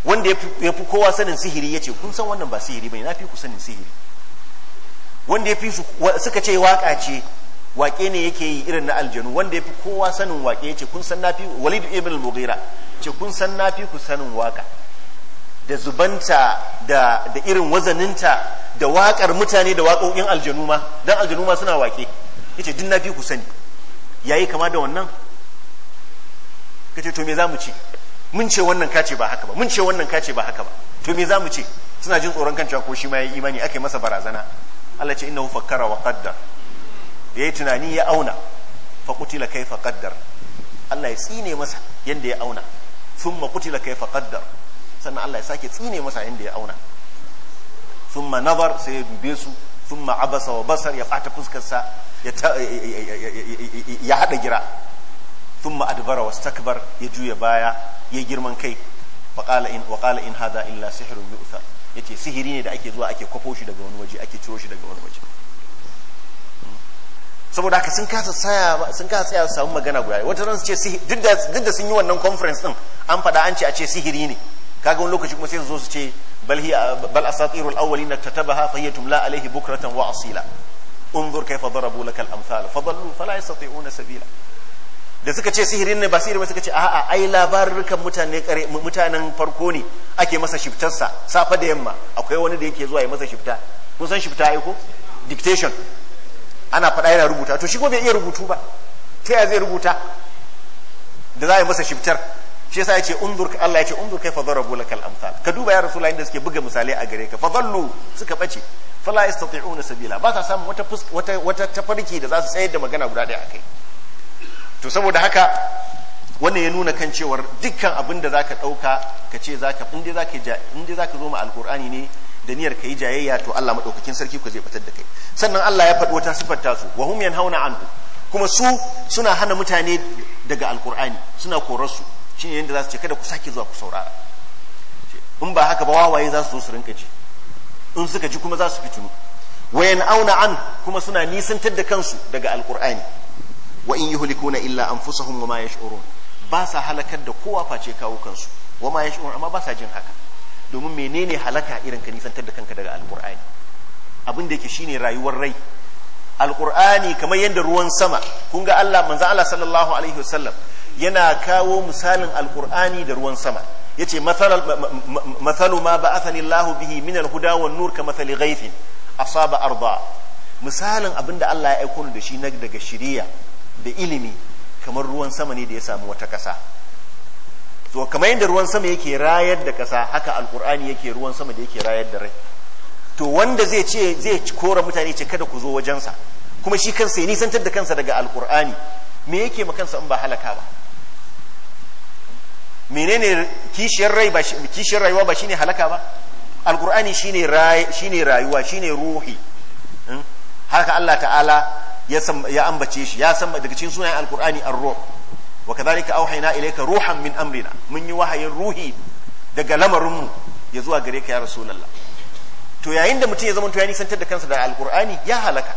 wanda ya fi kowa sanin sihiri ya ce kun san wannan ba sihiri bane na fi ku sanin sihiri wanda ya fi suka ce waka ce wake ne yake yi irin na aljanu wanda ya fi kowa sanin wake ya ce kun san na fi walid ibn al-mughira ce kun san na fi ku sanin waka da zubanta da da irin wazaninta da wakar mutane da waƙoƙin aljanu ma dan aljanu ma suna wake yace din na fi ku sani yayi kama da wannan kace to me za mu ci mun ce wannan kace ba haka ba mun ce wannan kace ba haka ba to me za mu ce suna jin tsoron kan cewa ko shi ma ya imani aka masa barazana Allah ce innahu fakkara wa qaddar da yayi tunani ya auna fa kutila kaifa qaddar Allah ya tsine masa yanda ya auna thumma kutila kaifa qaddar sannan Allah ya sake tsine masa yanda ya auna thumma nazar sai ya dube su thumma abasa wa basar ya fata fuskar sa ya ya hada gira thumma adbara wastakbar ya juya baya ya girman kai faqala in haza in hadha illa sihrun yu'thar yace sihiri ne da ake zuwa ake kwafo shi daga wani waje ake ciro shi daga wani waje saboda haka sun kasa tsaya sun kasa tsaya su samu magana guda wata ran su ce duk da duk da sun yi wannan conference din an faɗa an ce a ce sihiri ne kaga wani lokaci kuma sai su zo su ce bal hiya bal asatirul awwalin tatabaha fa hiya tumla alayhi bukratan wa asila انظر كيف ضربوا لك الامثال فضلوا فلا يستطيعون sabila. da suka ce sihirin ne ba sihirin ba suka ce a'a ai labarukan mutane kare mutanen farko ne ake masa shiftarsa safa da yamma akwai wani da yake zuwa ya masa shifta kun san shifta ai ko dictation ana faɗa yana rubuta to shi ko bai iya rubutu ba ta yaya zai rubuta da za a yi masa shiftar shi yasa yace unzur Allah yace unzur kaifa darabu lakal amsal ka duba ya rasulullahi inda suke buga misalai a gare ka fadallu suka bace fala yastati'una sabila ba sa samun wata wata tafarki da za su tsayar da magana guda ɗaya akai to saboda haka wannan ya nuna kan cewar dukkan abin da zaka dauka ka ce zaka in zaka in dai zaka zo ma alqur'ani ne da niyyar kai jayayya to Allah madaukakin sarki ku zai batar da kai sannan Allah ya faɗi wata sifar ta su wa hum yanhauna anhu kuma su suna hana mutane daga alqur'ani suna korar su shine yanda za su ce kada ku sake zuwa ku saurara in ba haka ba wawaye za su zo su rinka ji in suka ji kuma za su fitinu wayan auna an kuma suna nisantar da kansu daga alqur'ani wa in na illa anfusahum wa ma yash'urun ba sa halakar da kowa face kawo kansu wa ma yash'urun amma ba sa jin haka domin menene halaka irin ka nisantar da kanka daga alƙur'ani abin da yake shine rayuwar rai alƙur'ani kamar yadda ruwan sama kun ga Allah manzon Allah sallallahu alaihi wasallam yana kawo misalin alƙur'ani da ruwan sama yace mathalu ma ba'athani Allahu bihi min al-huda wan nur ka mathali ghaythin asaba arda misalin abinda Allah ya aiko da shi na daga shiriya da ilimi kamar ruwan sama ne da ya samu wata kasa. so kamar yadda ruwan sama yake rayar da kasa, haka alkur'ani yake ruwan sama da yake rayar da rai to wanda zai ce zai kora mutane ce kada ku zo wajensa kuma shi kansa ya nisantar da kansa daga alkur'ani me yake ma kansa in ba halaka ba menene kishiyar rai ba kishiyar rayuwa ba shine halaka ba alkur'ani shine rayuwa shine ruhi hmm? haka Allah ta'ala ya ambace shi ya san daga cikin sunayen alkur'ani ar-ruh wa kadhalika auhayna ilayka ruhan min amrina mun yi wahayin ruhi daga lamarinmu ya zuwa gare ka ya rasulullah to yayin da mutum ya zama to ya nisantar da kansa da alkur'ani ya halaka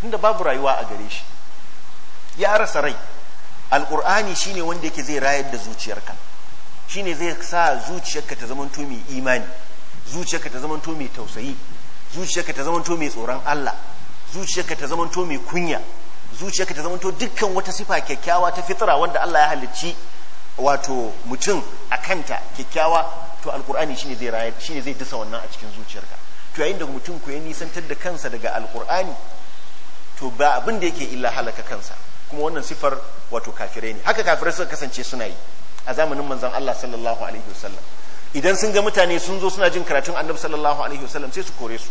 tunda babu rayuwa a gare shi ya rasa rai alkur'ani shine wanda yake zai rayar da zuciyarka shine zai sa zuciyarka ta zama to mai imani zuciyarka ta zama to mai tausayi zuciyarka ta zama to mai tsoron Allah zuciyarka ta zamanto mai kunya zuciyarka ta zamanto dukkan wata sifa kyakkyawa ta fitra wanda Allah ya halicci wato mutum a kanta kyakkyawa to alkur'ani shine zai rayar shine zai dasa wannan a cikin zuciyarka to yayin da mutum ku ya nisantar da kansa daga alkur'ani to ba abin da yake illa halaka kansa kuma wannan sifar wato kafirai ne haka kafirai suka kasance suna yi a zamanin manzon Allah sallallahu alaihi wasallam idan sun ga mutane sun zo suna jin karatun annabi sallallahu alaihi wasallam sai su kore su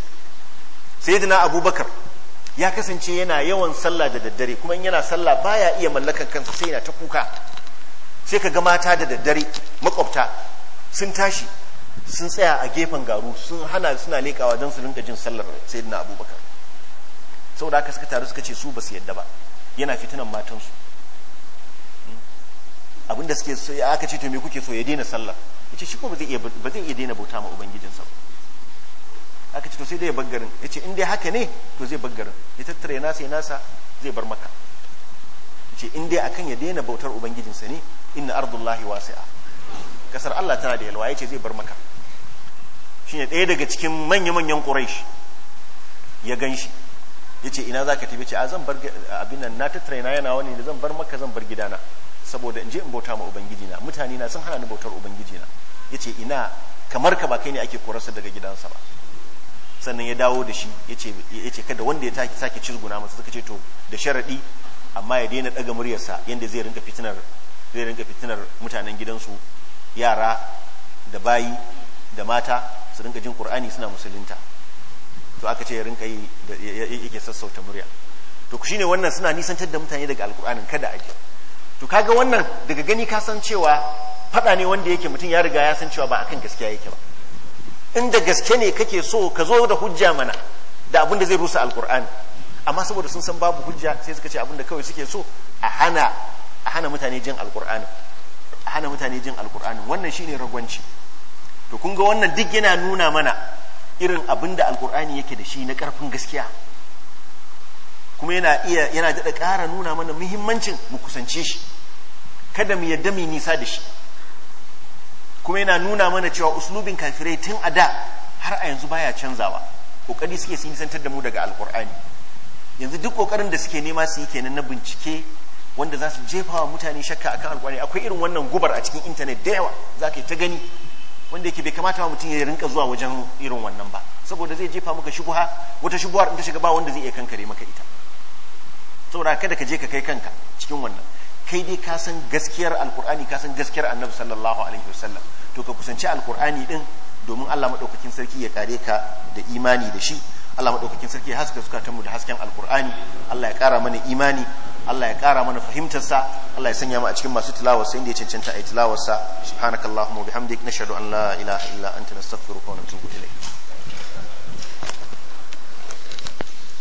sayyidina abubakar ya kasance yana yawan sallah da daddare kuma yana sallah baya iya mallakan kansa sai yana ta kuka sai ka ga mata da daddare makwabta sun tashi sun tsaya a gefen garu sun hana suna leƙawa don su rinka jin sallar na abubakar saboda haka suka taru suka ce su ba su yadda ba yana fitinan matansu abinda suke aka ce to me kuke so ya daina sallar ya ce shi ko ba zai iya daina bauta ma ubangijinsa ba aka ce to sai dai ya baggarin ya in dai haka ne to zai baggarin ya tattara nasa ya nasa zai bar maka ya in dai akan ya daina bautar ubangijinsa ne inna ardullahi wasi'a kasar Allah tana da yalwa Yace ce zai bar maka shine ɗaya daga cikin manya-manyan quraish ya gan shi ina za ka tafi ce a zan bar abin nan na tattara na yana wani da zan bar maka zan bar gidana saboda in je in bauta ma ubangijina mutane na sun hana ni bautar ubangiji na ya ina kamar ka ba kai ne ake korarsa daga gidansa ba sannan ya dawo da shi ya ce kada wanda ya sake cizguna masu suka ce to da sharaɗi amma ya daina ɗaga muryarsa yadda zai rinka fitinar zai mutanen gidansu yara da bayi da mata su rinka jin ƙur'ani suna musulunta to aka ce ya rinka yi yake sassauta murya to ku shine wannan suna nisantar da mutane daga alƙur'anin kada a ke to kaga wannan daga gani ka san cewa faɗa ne wanda yake mutum ya riga ya san cewa ba akan gaskiya yake ba inda gaske ne kake so ka zo da hujja mana da abin da zai rusa alkur'ani amma saboda sun san babu hujja sai suka ce abin da kawai suke so a hana a hana mutane jin alkur'ani a hana mutane jin alkur'ani wannan shine ragwanci to kun ga wannan duk yana nuna mana irin abin da alkur'ani yake da shi na karfin gaskiya kuma yana iya yana daɗa ƙara nuna mana muhimmancin mu kusance shi kada mu yadda mu nisa da shi kuma yana nuna mana cewa uslubin kafirai tun a da har a yanzu baya canzawa kokari suke sun santar da mu daga alkur'ani yanzu duk kokarin da suke nema su yi kenan na bincike wanda za su jefa wa mutane shakka akan alkur'ani akwai irin wannan gubar a cikin intanet da yawa za ka yi ta gani wanda yake bai kamata wa mutum ya rinka zuwa wajen irin wannan ba saboda zai jefa maka shubuha wata shubuhar in ta shiga ba wanda zai iya kankare maka ita saboda kada ka je ka kai kanka cikin wannan kai dai ka san gaskiyar alkur'ani ka san gaskiyar annabi sallallahu alaihi wasallam to ka kusanci alkur'ani din domin Allah madaukakin sarki ya kare ka da imani da shi Allah madaukakin sarki ya haska mu da hasken alkur'ani Allah ya kara mana imani Allah ya kara mana fahimtar sa Allah ya sanya mu a cikin masu tilawar sai inda ya cancanta ai tilawar sa subhanakallahumma wa bihamdik nashhadu an la ilaha illa anta nastaghfiruka wa natubu ilayk